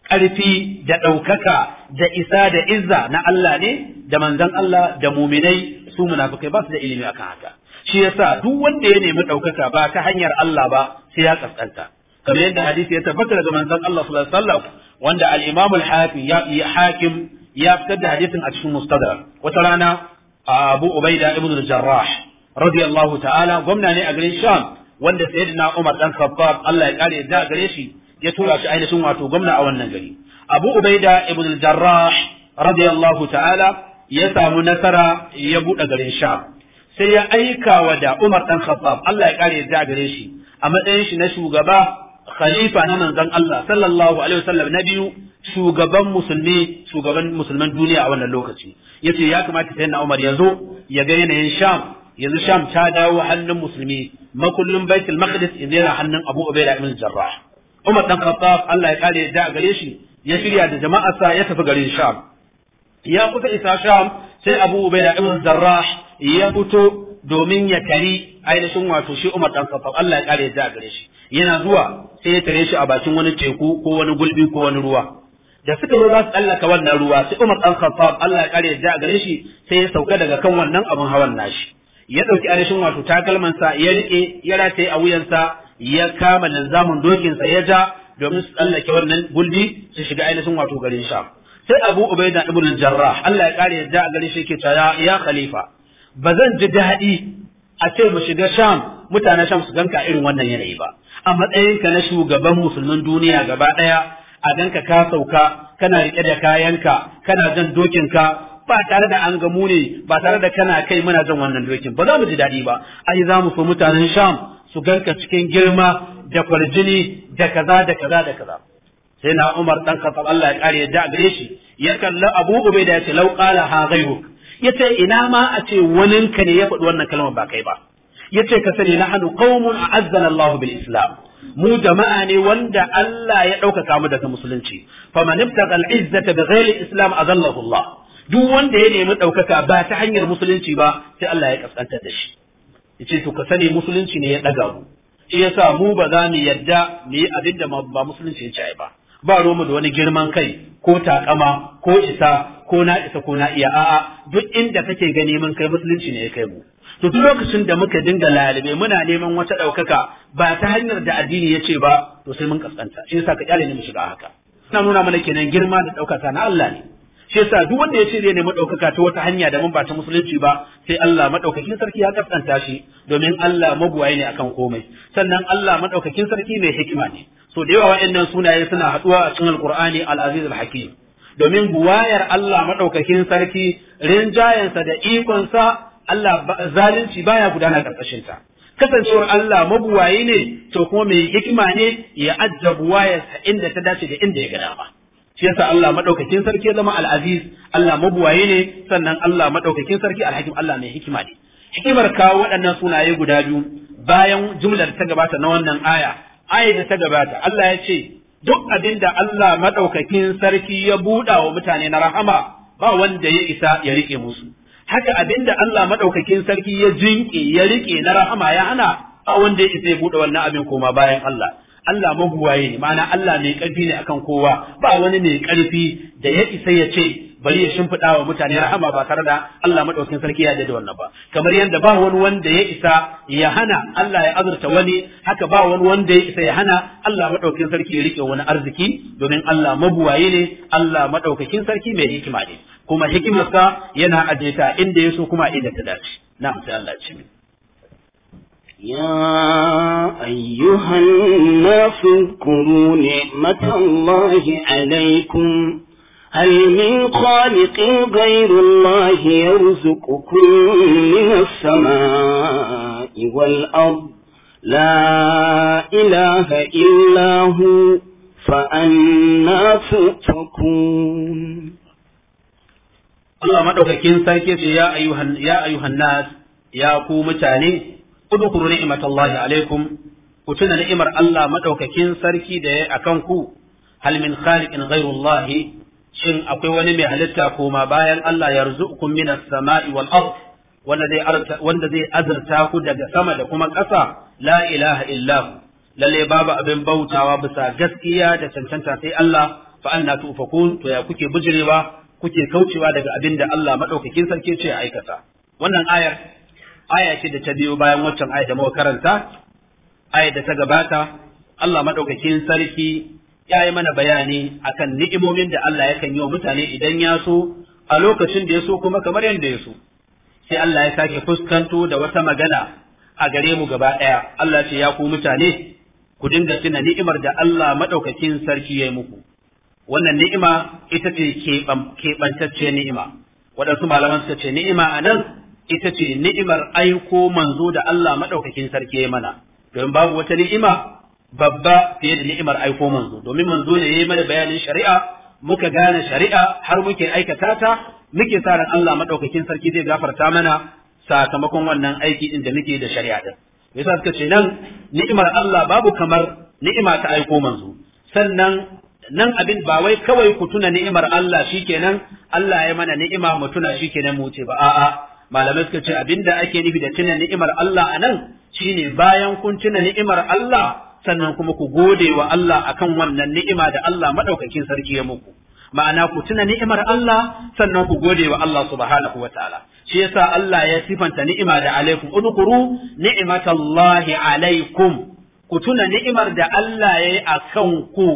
ƙarfi da ɗaukaka da isa da izza na Allah ne da manzon Allah da muminai su munafikai ba su da ilimi akan haka shi yasa duk wanda ya nemi ɗaukaka ba ta hanyar Allah ba sai ya kaskanta kamar yadda hadisi ya tabbata daga manzon Allah sallallahu alaihi wasallam wanda al-Imam al-Hakim ya hakim ya fitar da hadisin a cikin mustadrak wata rana Abu Ubaida ibn al-Jarrah radiyallahu ta'ala gwamna ne a garin Sham wanda sayyidina Umar dan Khattab Allah ya kare da gare shi ya tura shi ainihin wato gwamna a wannan gari Abu Ubaida ibn al-Jarrah radiyallahu ta'ala ya samu nasara ya buɗe garin Sham sai ya aika wa da Umar dan Khattab Allah ya kare yadda gare shi a matsayin shi na shugaba khalifa na manzon Allah sallallahu alaihi wasallam na biyu shugaban musulmi shugaban musulman duniya a wannan lokaci yace ya kamata sai Umar ya zo ya ga yanayin Sham yanzu Sham ta dawo hannun musulmi makullin Baitul Maqdis in yana hannun Abu Ubaida ibn Jarrah Umar dan Khattab Allah ya kare yadda gare shi ya shirya da jama'arsa ya tafi garin Sham ya kusa isa Sham sai Abu Ubaida ibn Jarrah ya fito domin ya tari ainihin wato shi Umar dan Khattab Allah ya kare ya gare shi yana zuwa sai ya tare shi a bakin wani teku ko wani gulbi ko wani ruwa da suka zo za su tsallaka wannan ruwa sai Umar dan Khattab Allah ya kare ya a gare shi sai ya sauka daga kan wannan abun hawan nashi ya ɗauki ainihin wato takalmansa ya rike ya rataye a wuyansa ya kama linzamin dokinsa ya ja domin su tsallake wannan gulbi su shiga ainihin wato garin sha sai Abu Ubaida ibn Jarrah Allah ya kare ya a gare shi yake cewa ya khalifa ba zan ji daɗi a ce mu shiga sham mutanen sham su ganka irin wannan yanayi ba a matsayinka na shugaban musulmin duniya gaba ɗaya a ganka ka sauka kana riƙe da kayanka kana jan dokinka ba tare da an gamu ne ba tare da kana kai muna jan wannan dokin ba za mu ji daɗi ba ai za mu so mutanen sham su ganka cikin girma da kwarjini da kaza da kaza da kaza sai na umar dan khattab Allah ya kare yadda gare shi ya kalla abu ubaida ya ce law qala ha ghayruk yace ina ma a ce waninka ne ya faɗi wannan kalmar ba kai ba Ya ce ka sani nahnu qaumun a Allahu bil Islam mu jama'a ne wanda Allah ya ɗaukaka mu daga musulunci faman ibtaqa al izzata bighairi islam azallahu Allah duk wanda ya nemi ɗaukaka ba ta hanyar musulunci ba sai Allah ya kaskantar da shi ce to ka sani musulunci ne ya ɗaga mu shi yasa mu ba za mu yadda mu yi abin da ba musulunci ya ci ba ba romu da wani girman kai ko takama ko isa ko na isa ko na iya a'a duk inda kake gani mun kai musulunci ne ya kai mu to duk lokacin da muka dinga lalibe muna neman wata ɗaukaka ba ta hanyar da addini ya ce ba to sai mun kaskanta shi yasa ka kyale ne mu shiga haka suna nuna mana kenan girma da ɗaukaka na Allah ne shi yasa duk wanda ya ce zai nemi ɗaukaka ta wata hanya da mun ba ta musulunci ba sai Allah madaukakin sarki ya kaskanta shi domin Allah mabuwaye ne akan komai sannan Allah madaukakin sarki mai hikima ne so da yawa waɗannan sunaye suna haɗuwa a cikin alqur'ani al-aziz al-hakim domin buwayar Allah madaukakin sarki rinjayensa da ikonsa Allah zalunci baya gudana karkashin ta kasancewar Allah mabuwayi ne to kuma mai hikima ne ya ajja buwayarsa inda ta dace da inda ya ga dama shi yasa Allah madaukakin sarki ya zama al-aziz Allah mabuwaye ne sannan Allah madaukakin sarki al-hakim Allah mai hikima ne hikimar kawo waɗannan sunaye guda biyu bayan jumlar ta gabata na wannan aya ayat ta gabata Allah ya ce duk abin da Allah maɗaukakin sarki ya buɗa wa mutane na rahama ba wanda ya isa ya rike musu haka abin da Allah maɗaukakin sarki ya jinƙe ya riƙe na rahama ya hana ba wanda ya isa ya buɗe wannan abin koma bayan Allah Allah maguwaye ne ma'ana Allah mai ƙarfi ne akan kowa ba wani mai ƙarfi da ya isa ya ce bari ya shimfiɗa wa mutane rahama ba tare da Allah maɗaukin sarki ya da wannan ba kamar yadda ba wani wanda ya isa ya hana Allah ya azurta wani haka ba wani wanda ya isa ya hana Allah maɗaukin sarki ya rike wani arziki domin Allah mabuwaye ne Allah maɗaukakin sarki mai hikima ne kuma hikimarsa yana ajeta inda ya so kuma inda ta dace na'am sai Allah ya ce يا أيها الناس اذكروا نعمة الله عليكم هل من خالق غير الله يرزقكم من السماء والأرض لا إله إلا هو فأنا تؤفكون Allah madaukakin sarki ce ya ayyuhan ya ayyuhan nas ya ku mutane udkuru ni'matallahi alaikum ku da ni'imar Allah maɗaukakin sarki da ya akan ku Halmin min khaliqin shin akwai wani mai halitta koma bayan Allah yarzuqukum minas sama'i wal wanda zai azurta ku daga sama da kuma ƙasa la ilaha illa lalle babu abin bautawa bisa gaskiya da cancanta sai Allah fa anna tufakun to ya kuke bijirewa kuke kaucewa daga abin da Allah madaukakin sarki ce ya aikata wannan ayar aya ce da ta biyo bayan waccan aya da muka karanta aya da ta gabata Allah madaukakin sarki ya yi mana bayani akan ni'imomin da Allah yakan yi wa mutane idan ya so a lokacin da ya so kuma kamar yadda ya so sai Allah ya sake fuskanto da wata magana a gare mu gaba ɗaya Allah ce ya ku mutane ku dinga tuna ni'imar da Allah madaukakin sarki ya yi muku wannan ni'ima ita ce keɓantacce ni'ima waɗansu malaman suka ce ni'ima a nan ita ce ni'imar aiko manzo da Allah madaukakin sarki ya yi mana don babu wata ni'ima babba fiye da ni'imar aiko manzo domin manzo ne yayi mana bayanin shari'a muka gane shari'a har muke aikata ta muke sa ran Allah madaukakin sarki zai gafarta mana sakamakon wannan aiki din da muke da shari'a din yasa suka ce nan ni'imar Allah babu kamar ni'ima ta aiko manzo sannan nan abin ba wai kawai ku tuna ni'imar Allah shikenan Allah ya mana ni'ima mu tuna shikenan mu ce ba a'a malamai suka ce abinda ake nufi da tuna ni'imar Allah anan shine bayan kun tuna ni'imar Allah sannan kuma ku gode wa Allah akan wannan ni'ima da Allah madaukakin sarki ya muku ma'ana ku tuna ni'imar Allah sannan ku gode wa Allah subhanahu wataala shi yasa Allah ya sifanta ni'ima da alaikum udkuru ni'matallahi alaikum ku tuna ni'imar da Allah ya yi akan ku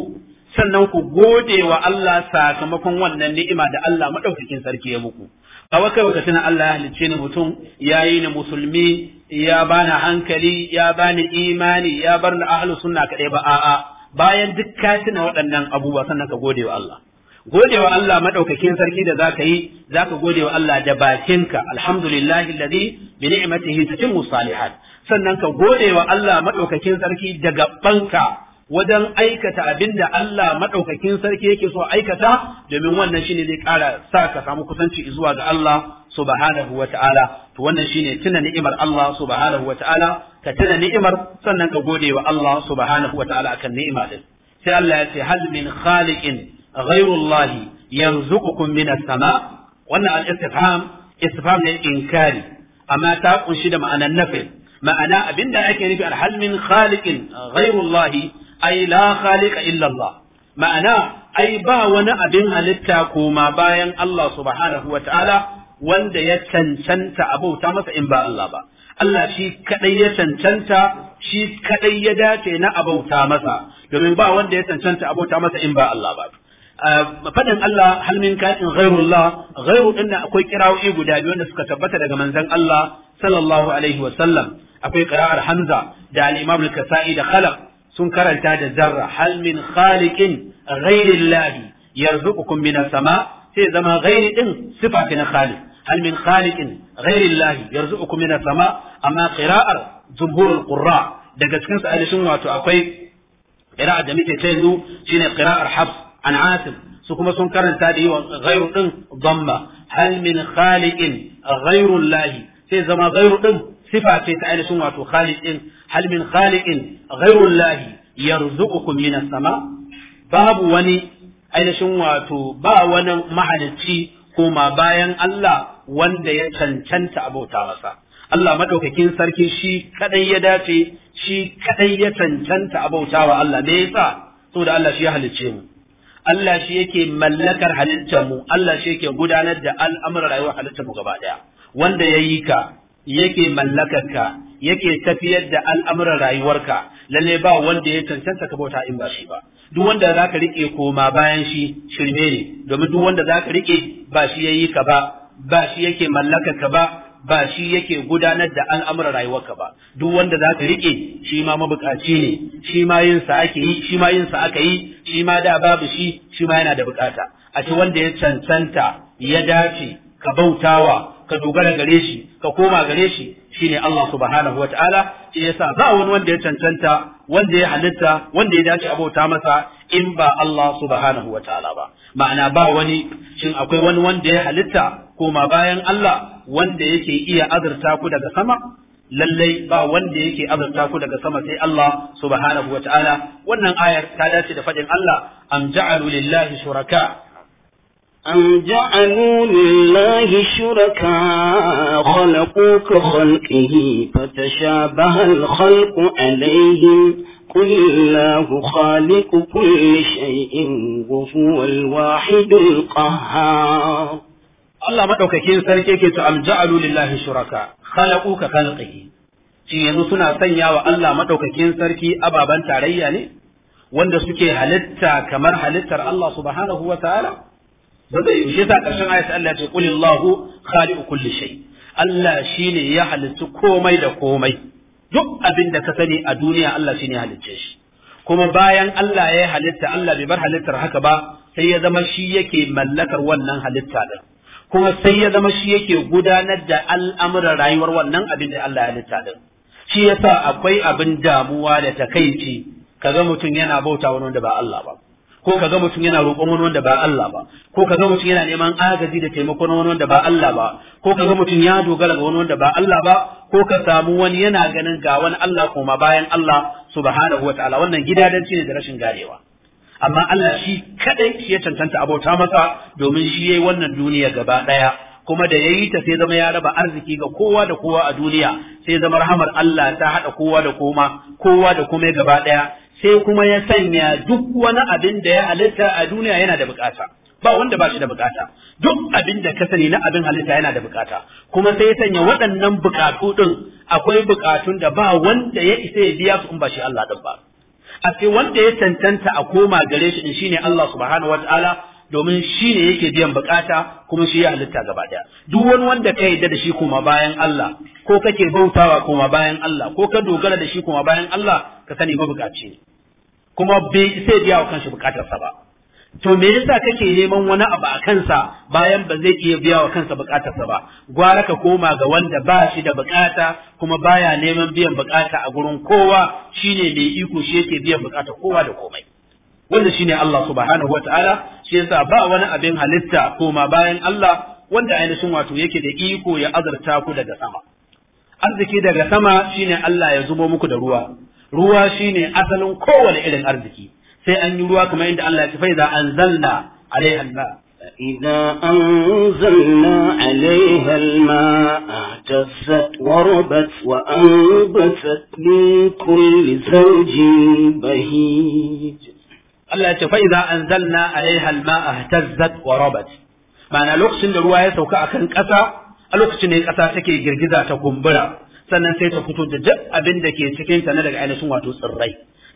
sannan ku gode wa Allah sakamakon wannan ni'ima da Allah madaukakin sarki ya muku a wakai wakatin Allah ya halicce ni mutum yayi ni musulmi ya bani hankali ya bani imani ya bar na ahlus sunna kadai ba a'a bayan duk ka tuna waɗannan abubuwa sannan ka gode wa Allah Godewa Allah madaukakin sarki da zaka yi zaka gode wa Allah da bakinka alhamdulillahi alladhi bi ni'matihi tatimmu salihat sannan ka gode wa Allah madaukakin sarki da banka. wajen aikata abin da Allah maɗaukakin sarki yake so aikata domin wannan shine zai ƙara sa ka samu kusanci zuwa ga Allah subhanahu wa ta'ala to wannan ne tuna ni'imar Allah subhanahu wa ta'ala ka tuna ni'imar sannan ka gode wa Allah subhanahu wa ta'ala akan ni'ima din sai Allah ya ce hal min khaliqin ghayrullahi yarzuqukum min as-sama wannan al-istifham istifham ne inkari amma ta kunshi da ma'anar nafi ma'ana abinda ake nufi alhalmin hal min khaliqin ai la khaliqa illa Allah ma'ana ai ba wani abin halitta koma bayan Allah subhanahu wa ta'ala wanda ya cancanta abauta masa in ba Allah ba Allah shi kadai ya cancanta shi kadai ya dace na abauta masa domin ba wanda ya cancanta abauta masa in ba Allah ba ah, faɗin Allah hal min ka'in ghairullah ghairu din akwai kirawoyi guda biyu wanda suka tabbata daga manzon Allah sallallahu alaihi wa sallam akwai qira'ar Hamza da al-Imam al-Kasa'i da Khalaf sun karanta da zarra hal min khaliqin ghairi llahi yarzuqukum min sama sai zama ghairi din sifa na khaliq hal min khaliqin ghairi llahi yarzuqukum min sama amma qira'ar jumhurul qurra daga cikin su alishin wato akwai qira'a da muke ta yanzu shine qira'ar Habs an asim su kuma sun karanta da yawan ghairu din dhamma hal min khaliqin ghairu llahi sai zama ghairu din sifa ce ta ainihin wato khaliqin hal min khaliqin ghairu Allah yarzuqukum min sama babu wani ainihin wato ba wani mahalicci koma bayan Allah wanda ya cancanta abota masa Allah madaukakin sarki shi kadai ya dace shi kadai ya cancanta abota wa Allah me yasa saboda Allah shi ya halicce mu Allah shi yake mallakar halittar mu Allah shi yake gudanar da al'amuran rayuwar halittar mu gaba daya wanda ya yi ka yake mallakarka yake tafiyar da al'amuran rayuwarka lalle ba wanda ya cancanta ka bauta in ba shi ba duk wanda zaka rike koma bayan shi shirme ne domin duk wanda zaka rike ba shi yayi ka ba ba shi yake mallakarka ba ba shi yake gudanar da al'amuran rayuwarka ba duk wanda zaka rike shi ma mabukaci ne shi ma yin sa ake yi shi ma yin sa aka yi shi ma da babu shi shi ma yana da bukata a ce wanda ya cancanta ya dace ka bautawa ka dogara gare shi ka koma gare shi shine Allah subhanahu wataala shi yasa ba wani wanda ya cancanta wanda ya halitta wanda ya dace abota masa in ba Allah subhanahu wataala ba ma'ana ba wani shin akwai wani wanda ya halitta koma bayan Allah wanda yake iya azurta ku daga sama lallai ba wanda yake azurta ku daga sama sai Allah subhanahu wataala wannan ayar ta dace da faɗin Allah am ja'alu lillahi shuraka أم جعلوا لله شركاء خلقوا كخلقه فتشابه الخلق عليهم قل الله خالق كل شيء وهو الواحد القهار Allah madaukakin sarki yake to am ja'alu lillahi shuraka khalaqu ka khalqihi shin yanzu suna sanya wa Allah madaukakin sarki ababan tarayya ne wanda suke halitta kamar halittar Allah subhanahu wa ba zai yi yasa karshen ayat Allah ya ce kulli Allahu, khaliqu kulli shay Allah shine ya halitta komai da komai duk abin da ka sani a duniya Allah shine ya halicce shi kuma bayan Allah ya halitta Allah bai bar halittar haka ba sai ya zama shi yake mallakar wannan halitta din kuma sai ya zama shi yake gudanar da al'amuran rayuwar wannan abin da Allah ya halitta din shi yasa akwai abin damuwa da takaici kaga mutum yana bauta wani wanda ba Allah ba ko ka ga mutum yana roƙon wani wanda ba Allah ba ko ka ga mutum yana neman agaji da taimakon wani wanda ba Allah ba ko ka ga mutum ya dogara ga wani wanda ba Allah ba ko ka samu wani yana ganin ga wani Allah koma bayan Allah subhanahu wataala wannan gidadanci ne da rashin garewa amma Allah shi kadai shi ya cancanta abota masa domin shi yayi wannan duniya gaba daya kuma da yayi ta sai zama ya raba arziki ga kowa da kowa a duniya sai zama rahamar Allah ta hada kowa da koma kowa da kuma gaba daya sai kuma ya sanya duk wani abin da ya halitta a duniya yana da bukata ba wanda ba shi da bukata duk abin da ka sani na abin halitta yana da bukata kuma sai ya sanya waɗannan bukatu din akwai bukatun da ba wanda ya isa ya biya su in ba shi Allah din ba a sai wanda ya tantanta a koma gare shi din shine Allah subhanahu wataala domin shi ne yake biyan bukata kuma shi ya halitta gaba daya duk wani wanda ka yarda da shi kuma bayan Allah ko kake bautawa kuma bayan Allah ko ka dogara da shi kuma bayan Allah ka sani ba bukaci ne kuma bai sai biya wa kanshi bukatarsa ba to me yasa kake neman wani abu a kansa bayan ba zai iya biya wa kansa bukatarsa ba gwara ka koma ga wanda ba shi da bukata kuma baya neman biyan bukata a gurin kowa shine mai iko shi yake biyan bukata kowa da komai wanda shine Allah subhanahu wataala shi yasa ba wani abin halitta koma bayan Allah wanda ainihin wato yake da iko ya azurta ku daga sama arziki daga sama shine Allah ya zubo muku da ruwa ruwa shine asalin kowane irin arziki sai an yi ruwa kamar yadda Allah ya ce fa idza anzalna alaiha إذا أنزلنا عليها الماء اهتزت وربت وأنبتت من كل زوج بهيج الله يقول فإذا أنزلنا عليها الماء اهتزت وربت معنى لقص الرواية سوكا أكن كسا لقص الكسا سكي جرجزة تقنبرا sannan sai ta fito da duk abin da ke cikin ta na daga ainihin wato tsirrai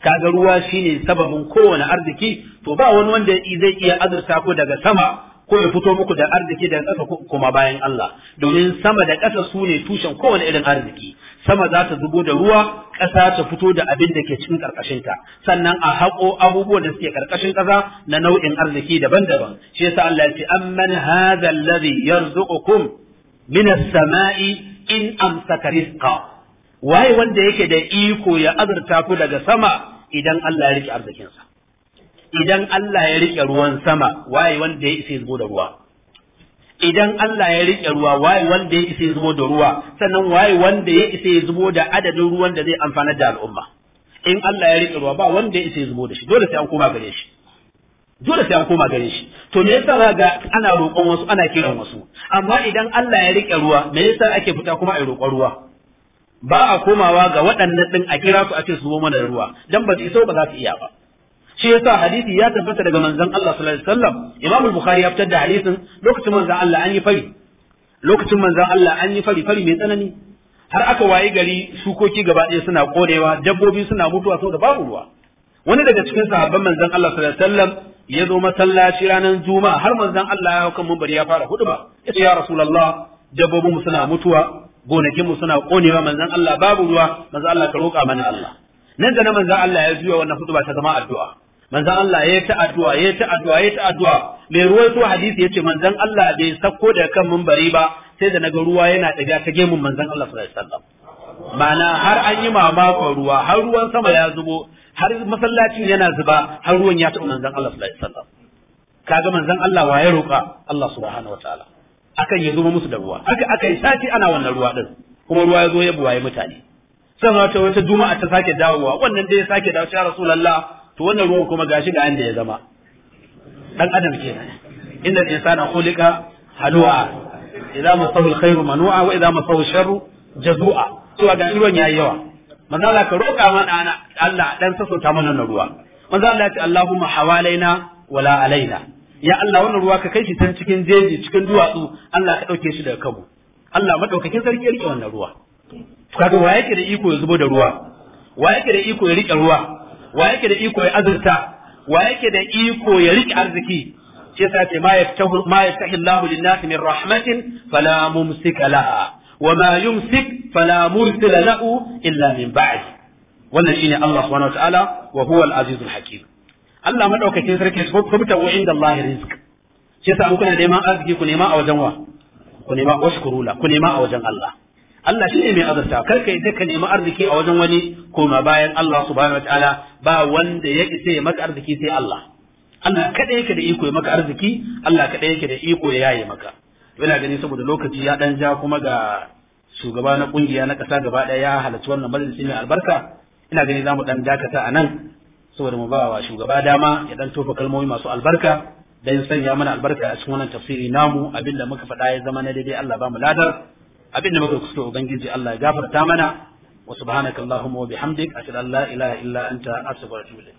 kaga ruwa shine sababin kowane arziki to ba wani wanda zai iya azurta ko daga sama ko ya fito muku da arziki daga ƙasa kuma bayan Allah domin sama da ƙasa su ne tushen kowane irin arziki sama za ta zubo da ruwa ƙasa ta fito da abin da ke cikin ƙarƙashinta sannan a haƙo abubuwan da suke ƙarƙashin ƙasa na nau'in arziki daban-daban shi yasa Allah ya ce amman hadha alladhi yarzuqukum min as-sama'i in amsaka rizqa waye wanda yake da iko ya azurta ku daga sama idan Allah ya rike arzikin sa idan Allah ya rike ruwan sama waye wanda ya isa zubo da ruwa idan Allah ya rike ruwa waye wanda ya isa zubo da ruwa sannan waye wanda ya isa zubo da adadin ruwan da zai amfana da al'umma in Allah ya rike ruwa ba wanda ya isa zubo da shi dole sai an koma gare shi dole sai an koma gare shi to me yasa ga ana roƙon wasu ana kiran wasu amma idan Allah ya rike ruwa me yasa ake fita kuma ai roƙon ruwa ba a komawa ga waɗannan din a kira su a ce su zo mana ruwa dan ba su iso ba za su iya ba shi yasa hadisi ya tabbata daga manzon Allah sallallahu alaihi wasallam Imam Bukhari ya fitar da hadisin lokacin manzon Allah an yi fari lokacin manzon Allah an yi fari fari mai tsanani har aka wayi gari shukoki gaba ɗaya suna ƙonewa dabbobi suna mutuwa saboda babu ruwa wani daga cikin sahabban manzon Allah sallallahu alaihi wasallam ya zo masallaci ranar juma'a har manzon Allah ya kan munbari ya fara hudba yace ya rasulullah dabbobin mu suna mutuwa gonakin mu suna konewa manzon Allah babu ruwa manzon Allah ka roƙa mana Allah nan da nan manzon Allah ya juya wannan hudba ta zama addu'a manzon Allah ya ta addu'a ya ta addu'a ya ta addu'a mai ruwaito hadisi yace manzon Allah bai sako da kan munbari ba sai da naga ruwa yana daga ta gemun manzon Allah sallallahu alaihi wasallam ma'ana har an yi mamakon ruwa har ruwan sama ya zubo har masallacin yana zuba har ruwan ya taɓa manzon Allah sallallahu alaihi wasallam kaga manzon Allah wa ya roƙa Allah subhanahu wataala akan ya zuba musu da ruwa haka aka yi sati ana wannan ruwa din kuma ruwa ya zo ya buwaye mutane sai wata wata juma'a ta sake dawowa wannan da ya sake dawo ya rasulullah to wannan ruwan kuma gashi ga inda ya zama dan adam kenan inda insana khuliqa halwa idza masahu alkhairu manu'a wa idza masahu sharru jazu'a to ga ruwan yayi yawa manzo Allah ka roƙa mana Allah dan sasauta mana na ruwa manzo Allah ya ce Allahumma hawalaina wala alaina ya Allah wannan ruwa ka kai shi can cikin jeji cikin duwatsu Allah ka dauke shi daga kabu Allah madaukakin sarki ya rike wannan ruwa kaga wa yake da iko ya zubo da ruwa wa yake da iko ya rike ruwa wa yake da iko ya azurta wa yake da iko ya rike arziki shi yasa ce ma yaftahu ma yaftahu Allahu lin-nasi min rahmatin fala mumsika laha وما يمسك فلا مرسل له إلا من بعد wannan shine Allah subhanahu wataala wa huwa al-aziz al-hakim Allah madaukakin sarki su kubuta wa inda Allah rizq shi yasa kuna neman arziki ku nema a wajen wa ku nema washkurula ku nema a wajen Allah Allah shine mai azarta, kar kai sai ka nemi arziki a wajen wani koma bayan Allah subhanahu wataala ba wanda ya isa ya maka arziki sai Allah Allah kada yake da iko ya maka arziki Allah kada yake da iko ya yaye maka to ina gani saboda lokaci ya dan ja kuma ga shugaba na kungiya na kasa gaba daya ya halarci wannan majalisi mai albarka ina gani zamu dan dakata a nan saboda mu ba wa shugaba dama ya dan tofa kalmomi masu albarka dan sanya mana albarka a cikin wannan tafsiri namu abinda muka faɗa ya zama na daidai Allah ba mu ladar abinda muka kusa ubangiji Allah ya gafarta mana wa subhanaka allahumma wa bihamdik ashhadu an la ilaha illa anta astaghfiruka wa atubu ilayk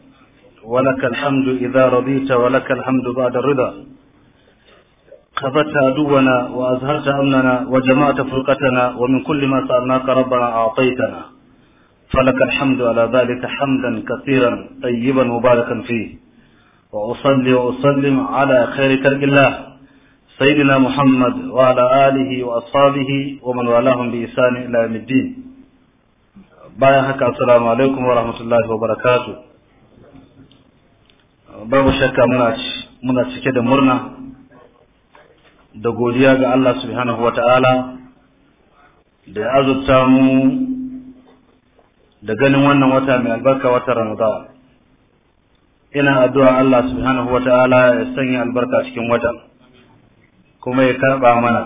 ولك الحمد إذا رضيت ولك الحمد بعد الرضا خفت عدونا وأزهرت أمننا وجمعت فرقتنا ومن كل ما سألناك ربنا أعطيتنا فلك الحمد على ذلك حمدا كثيرا طيبا مباركا فيه وأصلي وأسلم على خير ترك الله سيدنا محمد وعلى آله وأصحابه ومن والاهم بإحسان إلى يوم الدين بايا السلام عليكم ورحمة الله وبركاته babu shakka muna cike da murna da godiya ga Allah subhanahu wata'ala da ya azurta mu da ganin wannan wata mai albarka wata Ramadan ina addu'a Allah subhanahu wata'ala ya sanya albarka cikin watan kuma ya karba mana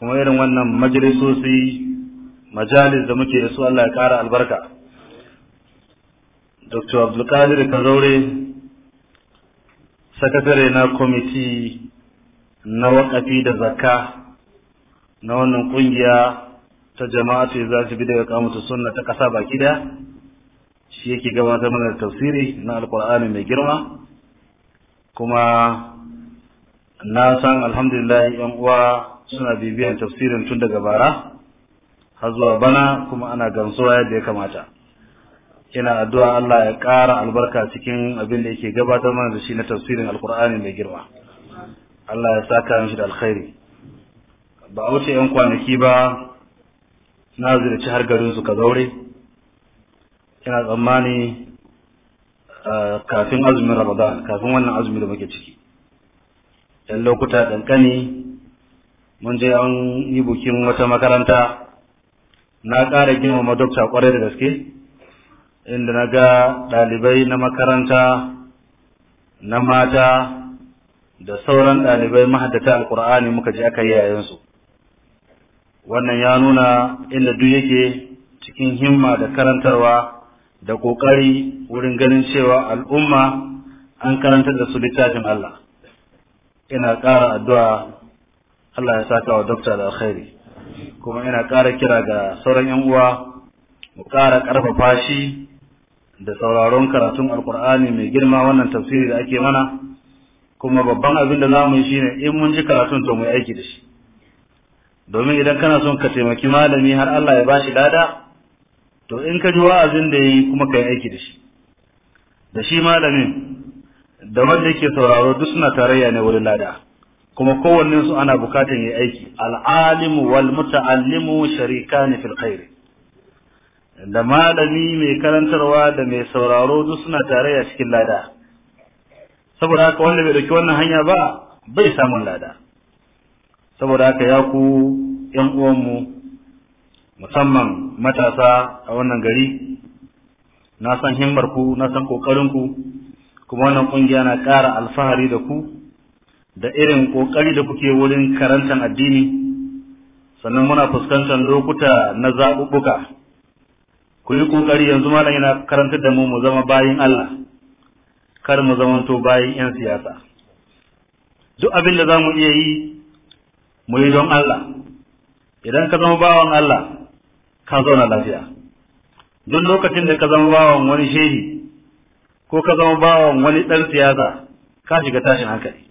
kuma irin wannan majalisosi majalis da muke da su Allah ya kara albarka Dr. Abdulkadir Kazaure sakatare na kwamiti na wakafi da zakka na wannan kungiya ta jama'a ce za su bi daga kamata sunna ta kasa baki daya shi yake gabatar mana da tafsiri na alkur'ani mai girma kuma na san alhamdulillah yan uwa suna bibiyan tafsirin tun daga bara har zuwa bana kuma ana gamsuwa yadda ya kamata Kina addu'a Allah ya ƙara albarka cikin abin da yake gabatar mana da shi na tafsirin alkur'ani mai girma Allah ya saka mishi da alkhairi ba a wuce 'yan kwanaki ba na ziyarci har garin su ka zaure Kina tsammani kafin azumin ramadan kafin wannan azumi da muke ciki yan lokuta ɗanƙani mun je an yi bukin wata makaranta na ƙara girmama dokta ƙwarai da gaske inda na ga ɗalibai na makaranta na mata da sauran ɗalibai mahaddata alkur'ani muka je aka yi yayansu wannan ya nuna inda duk yake cikin himma da karantarwa da ƙoƙari wurin ganin cewa al'umma an karantar da su littafin Allah ina ƙara addu'a Allah ya saka wa dokta da alkhairi kuma ina ƙara kira ga sauran 'yan uwa mu ƙara ƙarfafa shi da sauraron karatun alkur'ani mai girma wannan tafsiri da ake mana kuma babban abin da za mu yi shine in mun ji karatun to mu aiki da shi domin idan kana son ka taimaki malami har Allah ya bashi lada to in ka ji wa'azin da yi kuma ka yi aiki da shi da shi malamin da wanda yake sauraro duk suna tarayya ne wurin lada kuma kowanne su ana bukatan yi aiki al'alimu wal muta'allimu sharikani fil khairi da malami mai karantarwa da mai sauraro duk suna tare a cikin lada saboda haka wanda bai dauki wannan hanya ba bai samun lada saboda haka ya ku yan uwanmu musamman matasa a wannan gari na san himmar ku na san kokarin ku kuma wannan kungiya na ƙara alfahari da ku da irin kokari da kuke wurin karantar addini sannan muna fuskantar lokuta na zaɓuɓɓuka ku yi kokari yanzu malam yana karantar da mu mu zama bayin Allah kar mu zamanto bayin yan siyasa duk abin da mu iya yi mu yi don Allah idan ka zama bawan Allah ka zauna lafiya duk lokacin da ka zama bawan wani shehi ko ka zama bawan wani dan siyasa ka shiga tashin hankali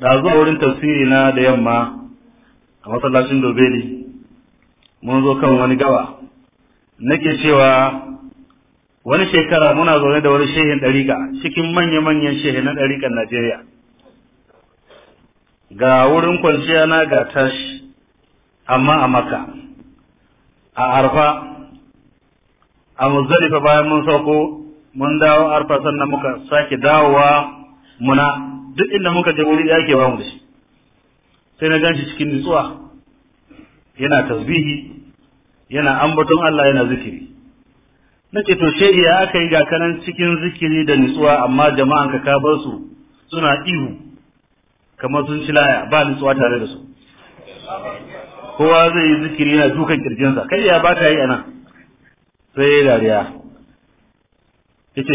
da zuwa wurin tafsiri na da yamma a masallacin dobeli mun zo kan wani gaba nake cewa wani shekara muna zaune da wani shehin ɗariƙa cikin manya-manyan na ɗariƙar Najeriya ga wurin kwanciya na ga tashi amma a maka a arfa a muzalifa bayan mun sauko mun dawo arfa sannan muka sake dawowa muna duk inda muka je wuri ɗaya ke ba mu da shi sai na ganshi cikin nutsuwa yana tasbihi yana ambaton Allah yana zikiri nace to shehi ya aka yi gakanan cikin zikiri da nutsuwa amma jama'an ka ka su suna ihu kamar sun ci laya ba nutsuwa tare da su kowa zai yi zikiri yana dukan kirjinsa kai ya ba ta yi anan sai ya dariya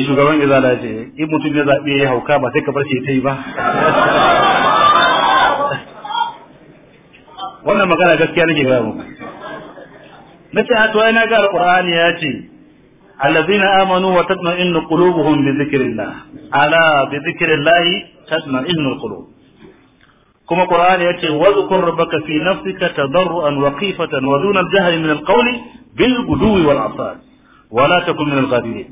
shugaban izala ce in mutum ya zaɓe ya hauka ba sai ka bar shi ta yi ba wannan magana gaskiya nake gaya muku nace a to ai na ga alqur'ani ya ce allazina amanu wa tatma'innu qulubuhum bi dhikrillah ala bi dhikrillah tatma'innu alqulub kuma qur'ani ya ce wadhkur rabbaka fi nafsika tadarruan wa khifatan wa duna al-jahri min al-qawli bil ghuduwi wal asal wa la takun min al-ghafirin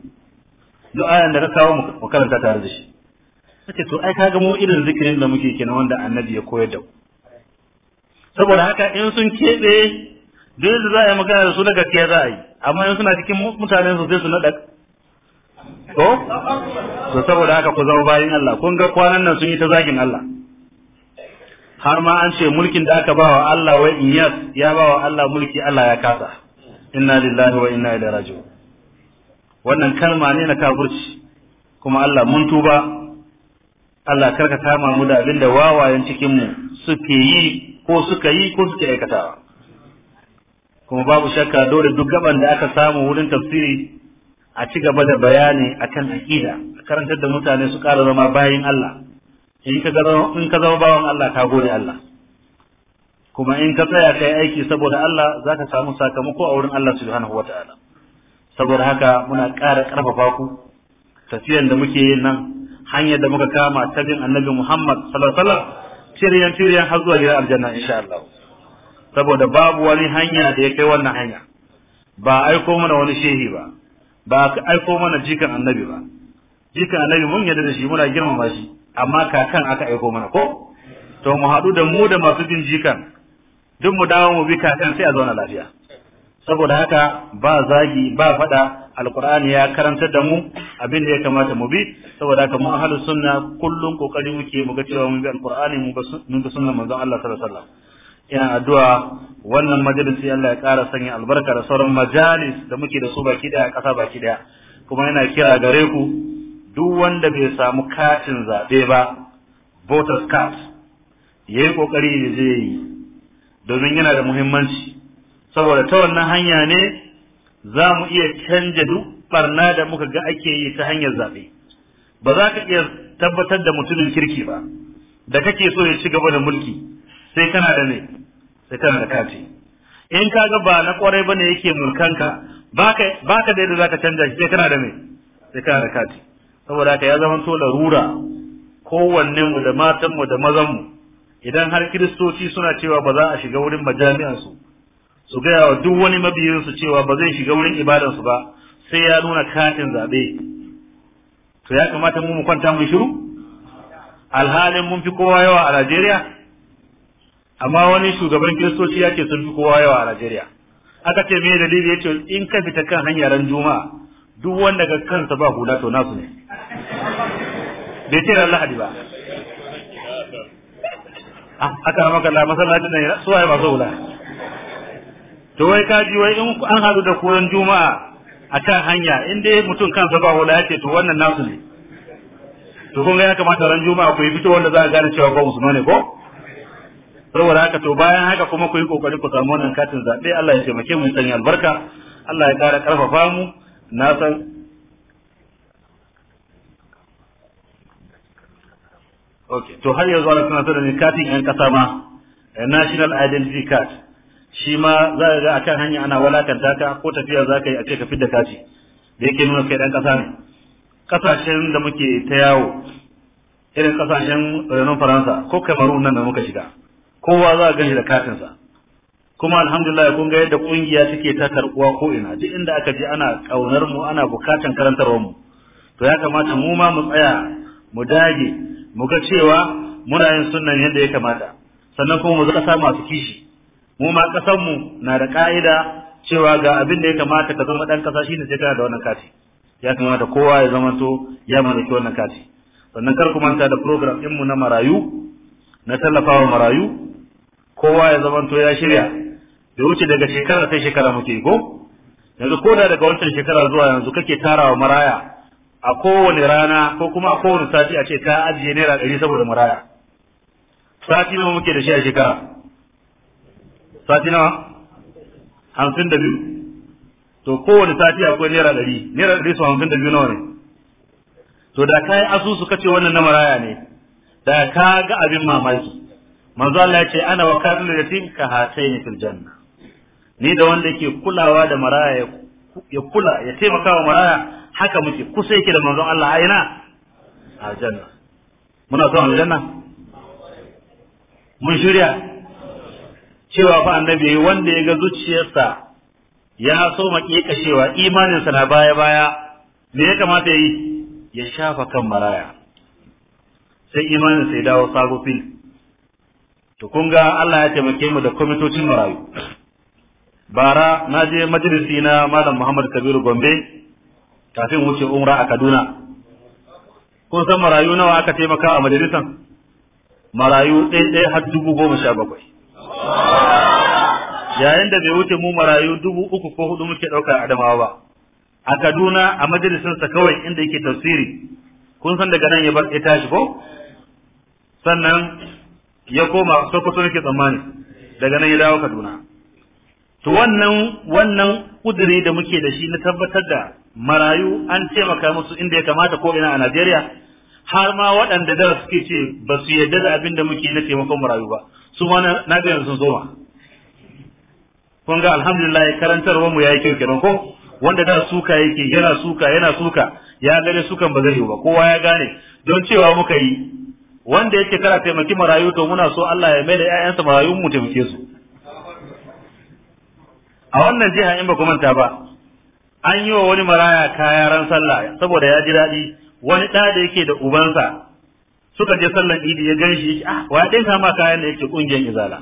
du'a da ka kawo mu karanta tare da shi kace to ai kaga mu irin zikirin da muke kenan wanda annabi ya koyar da mu saboda haka in sun kebe duk yadda za a yi magana da su na gaskiya za a yi amma in suna cikin mutanen su sai su naɗa to to saboda haka ku zama bayin Allah kun ga kwanan nan sun yi ta zagin Allah har ma an ce mulkin da aka bawa Allah wai iyas ya bawa Allah mulki Allah ya kasa inna lillahi wa inna ilaihi raji'un wannan kalma ne na kafirci kuma Allah mun tuba Allah karka kama mu da abinda wawayen cikin mu suke yi ko suka yi ko suke aikatawa kuma babu shakka dole duk gaban da aka samu wurin tafsiri a ci gaba da bayani akan aqida a karantar da mutane su ƙara zama bayin Allah in ka zama bawan Allah ka gode Allah kuma in ka tsaya kai aiki saboda Allah za ka samu sakamako a wurin Allah subhanahu wataala saboda haka muna ƙara ƙarfafa ku tafiyar da muke yin nan hanyar da muka kama ta bin annabi Muhammad sallallahu alaihi wasallam tiriyan tiriyan har zuwa gidan aljanna insha Allah saboda babu wani hanya da ya kai wannan hanya ba aiko mana wani shehi ba ba aiko mana jikan annabi ba jikan annabi mun yarda da shi muna girmama shi amma kakan aka aiko mana ko to mu haɗu da mu da masu jin jikan duk mu dawo mu bi kakan sai a zauna lafiya saboda haka ba zagi ba faɗa alqur'ani ya karantar da mu abin da ya kamata mu bi saboda haka mu ahlus sunna kullun kokari muke mu ga cewa mun bi alqur'ani mun ga sunna manzon Allah sallallahu alaihi wasallam ina addu'a wannan majalisi Allah ya ƙara sanya albarka da sauran majalis da muke da su baki daya ƙasa baki daya kuma yana kira gare ku duk wanda bai samu katin zaɓe ba voters card ya yi ƙoƙari ya zai yi domin yana da muhimmanci saboda ta wannan hanya ne za mu iya canja duk barna da muka ga ake yi ta hanyar zaɓe ba za ka iya tabbatar da mutumin kirki ba da kake so ya ci gaba da mulki sai kana da me sai kana da kati in kaga ba na kwarai bane yake mulkanka baka baka da yadda zaka canza shi sai kana da me sai kana da kati saboda haka ya zama to rura kowanne mu da matan mu da mazan mu idan har kiristoci suna cewa ba za a shiga wurin majami'an su su gaya wa duk wani mabiyin su cewa ba zai shiga wurin ibadan su ba sai ya nuna katin zabe to ya kamata mu mu kwanta mu shiru alhalin mun fi kowa yawa a Najeriya amma wani shugaban kiristoci ya ce sun fi kowa yawa a Najeriya aka ce me dalili ce in ka fita kan hanya ran juma'a duk wanda ga kansa ba hula to nasu ne bai ce ran lahadi ba ah, aka maka la masallacin nan su waye masu hula to wai ka ji wai in an haɗu da koyon juma'a a kan hanya in dai mutum kansa ba hula ce to wannan nasu ne to kun ga ya kamata ran juma'a ku yi fito wanda za a gane cewa ba musulma ne ko saboda haka to bayan haka kuma ku yi kokari ku samu wannan katin zaɓe Allah ya taimake mu sanya albarka Allah ya ƙara ƙarfafa mu na san okay to har yanzu ana sanar da katin yan kasa ma eh, national identity card shi ma za ka ga akan hanya ana walakanta ka ko tafiya za ka yi a ce ka fidda kati da yake nuna kai dan kasa ne kasashen da muke ta yawo irin kasashen renon faransa ko kamaru nan da muka shiga kowa za a gani da katinsa kuma alhamdulillah kun ga yadda kungiya take ta karbuwa ko ina duk inda aka je ana kaunar mu ana bukatan karantarwar mu to ya kamata mu ma mu tsaya mu dage mu ga cewa muna yin sunnan yadda ya kamata sannan kuma mu zaka masu kishi mu ma kasan mu na da ka'ida cewa ga abin da ya kamata ka zama dan kasa shine sai kana da wannan kati ya kamata kowa ya zama to ya mallaki wannan kati sannan kar ku manta da program din mu na marayu na tallafawa marayu kowa ya zamanto ya shirya ya wuce daga shekara sai shekara muke ko yanzu ko da daga wancan shekara zuwa yanzu kake tarawa maraya a kowane rana ko kuma a kowane sati a ce ta ajiye naira ɗari saboda maraya sati nawa muke da shi a shekara sati nawa hamsin da biyu to kowane sati akwai naira ɗari naira ɗari su hamsin da biyu nawa ne to da kayan asusu kace wannan na maraya ne da ka ga abin mamaki manzo Allah ya ce ana wa karnul yatim ka hataini fil janna ni da wanda yake kulawa da maraya ya kula ya taimaka wa maraya haka muke kusa yake da manzon Allah aina janna muna son aljanna mun shirya cewa fa annabi wanda ya ga zuciyarsa ya so makika cewa imaninsa na baya baya me ya kamata yi ya shafa kan maraya sai imaninsa ya dawo sabo to kun ga Allah ya taimake mu da kwamitocin marayu bara na je majalisi na malam Muhammad Kabiru Gombe kafin wuce umra a Kaduna kun san marayu nawa aka taimaka a majalisan marayu ɗaya har dubu goma sha bakwai yayin da bai wuce mu marayu dubu uku ko hudu muke ɗaukar adamawa ba a Kaduna a majalisinsa kawai inda yake tafsiri kun san daga nan ya bar ya tashi ko sannan ya koma sokoto nake tsammani daga nan ya dawo kaduna to wannan wannan kudiri da muke da shi na tabbatar da marayu an taimaka musu inda ya kamata ko ina a Najeriya har ma waɗanda da suke ce ba su yarda da abin da muke na taimakon marayu ba su ma na ga yanzu zo ma kun ga alhamdulillah karantarwar mu yayi kyau kenan ko wanda da suka yake yana suka yana suka ya gane sukan ba zai yi ba kowa ya gane don cewa muka yi wanda yake kana taimaki marayu to muna so Allah ya maida ƴaƴansa marayu mu taimake su a wannan jiha in ba ku manta ba an yi wa wani maraya kaya ran sallah saboda ya ji daɗi wani ɗa da yake da ubansa suka je sallan idi ya gan shi ah wa ɗin ma kayan da yake ƙungiyar izala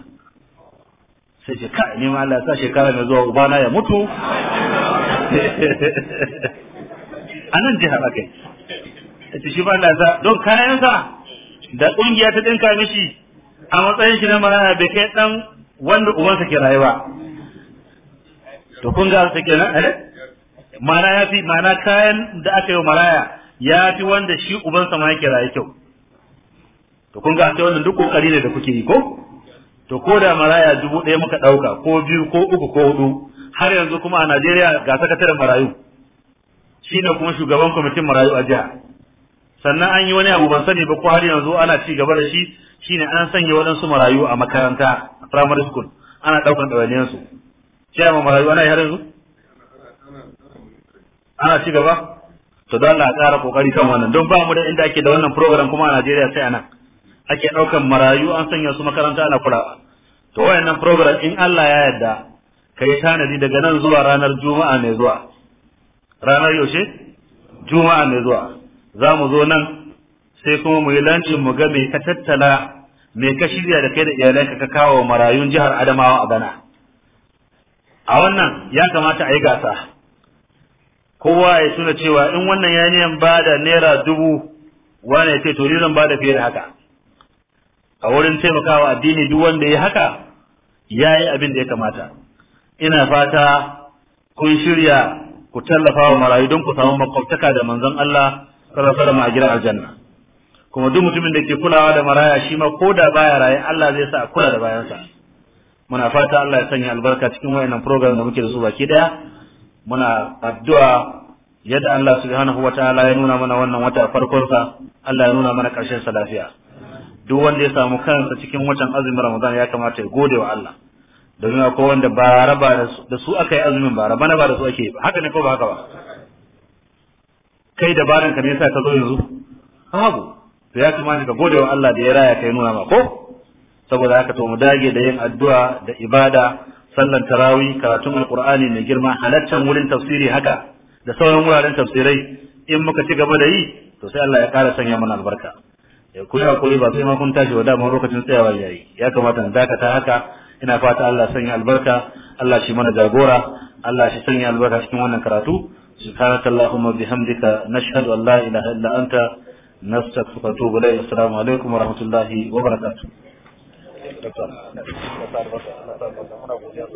sai ce kai ne ma Allah ya sa shekara mai zuwa ubana ya mutu a nan jiha ba ta shi ba Allah ya sa don kayansa da kungiya ta dinka mishi a matsayin shi na maraya bai kai dan wanda ubansa ke rayuwa to kun ga su kenan eh mana ya fi mana kayan da aka yi maraya ya fi wanda shi ubansa ma yake rayuwa kyau to kun ga sai wannan duk kokari ne da kuke yi ko to ko da maraya dubu ɗaya muka ɗauka ko biyu ko uku ko hudu har yanzu kuma a Najeriya ga sakataren marayu shine kuma shugaban kwamitin marayu a jiha sannan an yi wani abu ban sani ba ko har yanzu ana ci gaba da shi shine an sanya waɗansu marayu a makaranta primary school ana ɗaukan ɗawainiyar su shi ma marayu ana yi har yanzu ana ci gaba to don Allah ƙara kokari kan wannan don ba mu da inda ake da wannan program kuma a Najeriya sai anan ake ɗaukan marayu an sanya su makaranta ana kula to wayannan program in Allah ya yarda kai tanadi daga nan zuwa ranar juma'a mai zuwa ranar yaushe juma'a mai zuwa za mu zo nan sai kuma mu yi lancin mu ga me ka tattala me ka shirya da kai da iyalanka ka kawo marayun jihar Adamawa a bana a wannan ya kamata a yi gasa kowa ya suna cewa in wannan ya niyan ba da naira dubu wani ya ce to ni zan ba da fiye da haka a wurin taimakawa addini duk wanda ya haka ya yi abin da ya kamata ina fata kun shirya ku tallafa wa marayu don ku samu makwabtaka da manzon Allah sallallahu alaihi a gidan aljanna kuma duk mutumin da ke kulawa da maraya shi ma ko da baya raye Allah zai sa a kula da bayansa muna fata Allah ya sanya albarka cikin wayannan program da muke da su baki daya muna addu'a yadda Allah subhanahu wataala ya nuna mana wannan wata farkon sa Allah ya nuna mana karshen sa lafiya duk wanda ya samu kansa cikin watan azumin Ramadan ya kamata ya gode wa Allah domin akwai wanda ba raba da su aka yi azumin ba raba ba da su ake ba haka ne ko ba haka ba kai dabaran ka ne ka zo yanzu babu to ya kamata ka gode wa Allah da ya raya kai nuna ma ko saboda haka to mu dage da yin addu'a da ibada sallan tarawih karatun alqur'ani mai girma halaccan wurin tafsiri haka da sauran wuraren tafsirai in muka ci gaba da yi to sai Allah ya ƙara sanya mana albarka ya ku hakuri ba sai ma kun tashi wa dama lokacin tsayawa yayi ya kamata in dakata haka ina fata Allah sanya albarka Allah shi mana jagora Allah shi sanya albarka cikin wannan karatu سبحانك اللهم وبحمدك نشهد أن لا إله إلا أنت نستغفرك ونتوب إليك السلام عليكم ورحمة الله وبركاته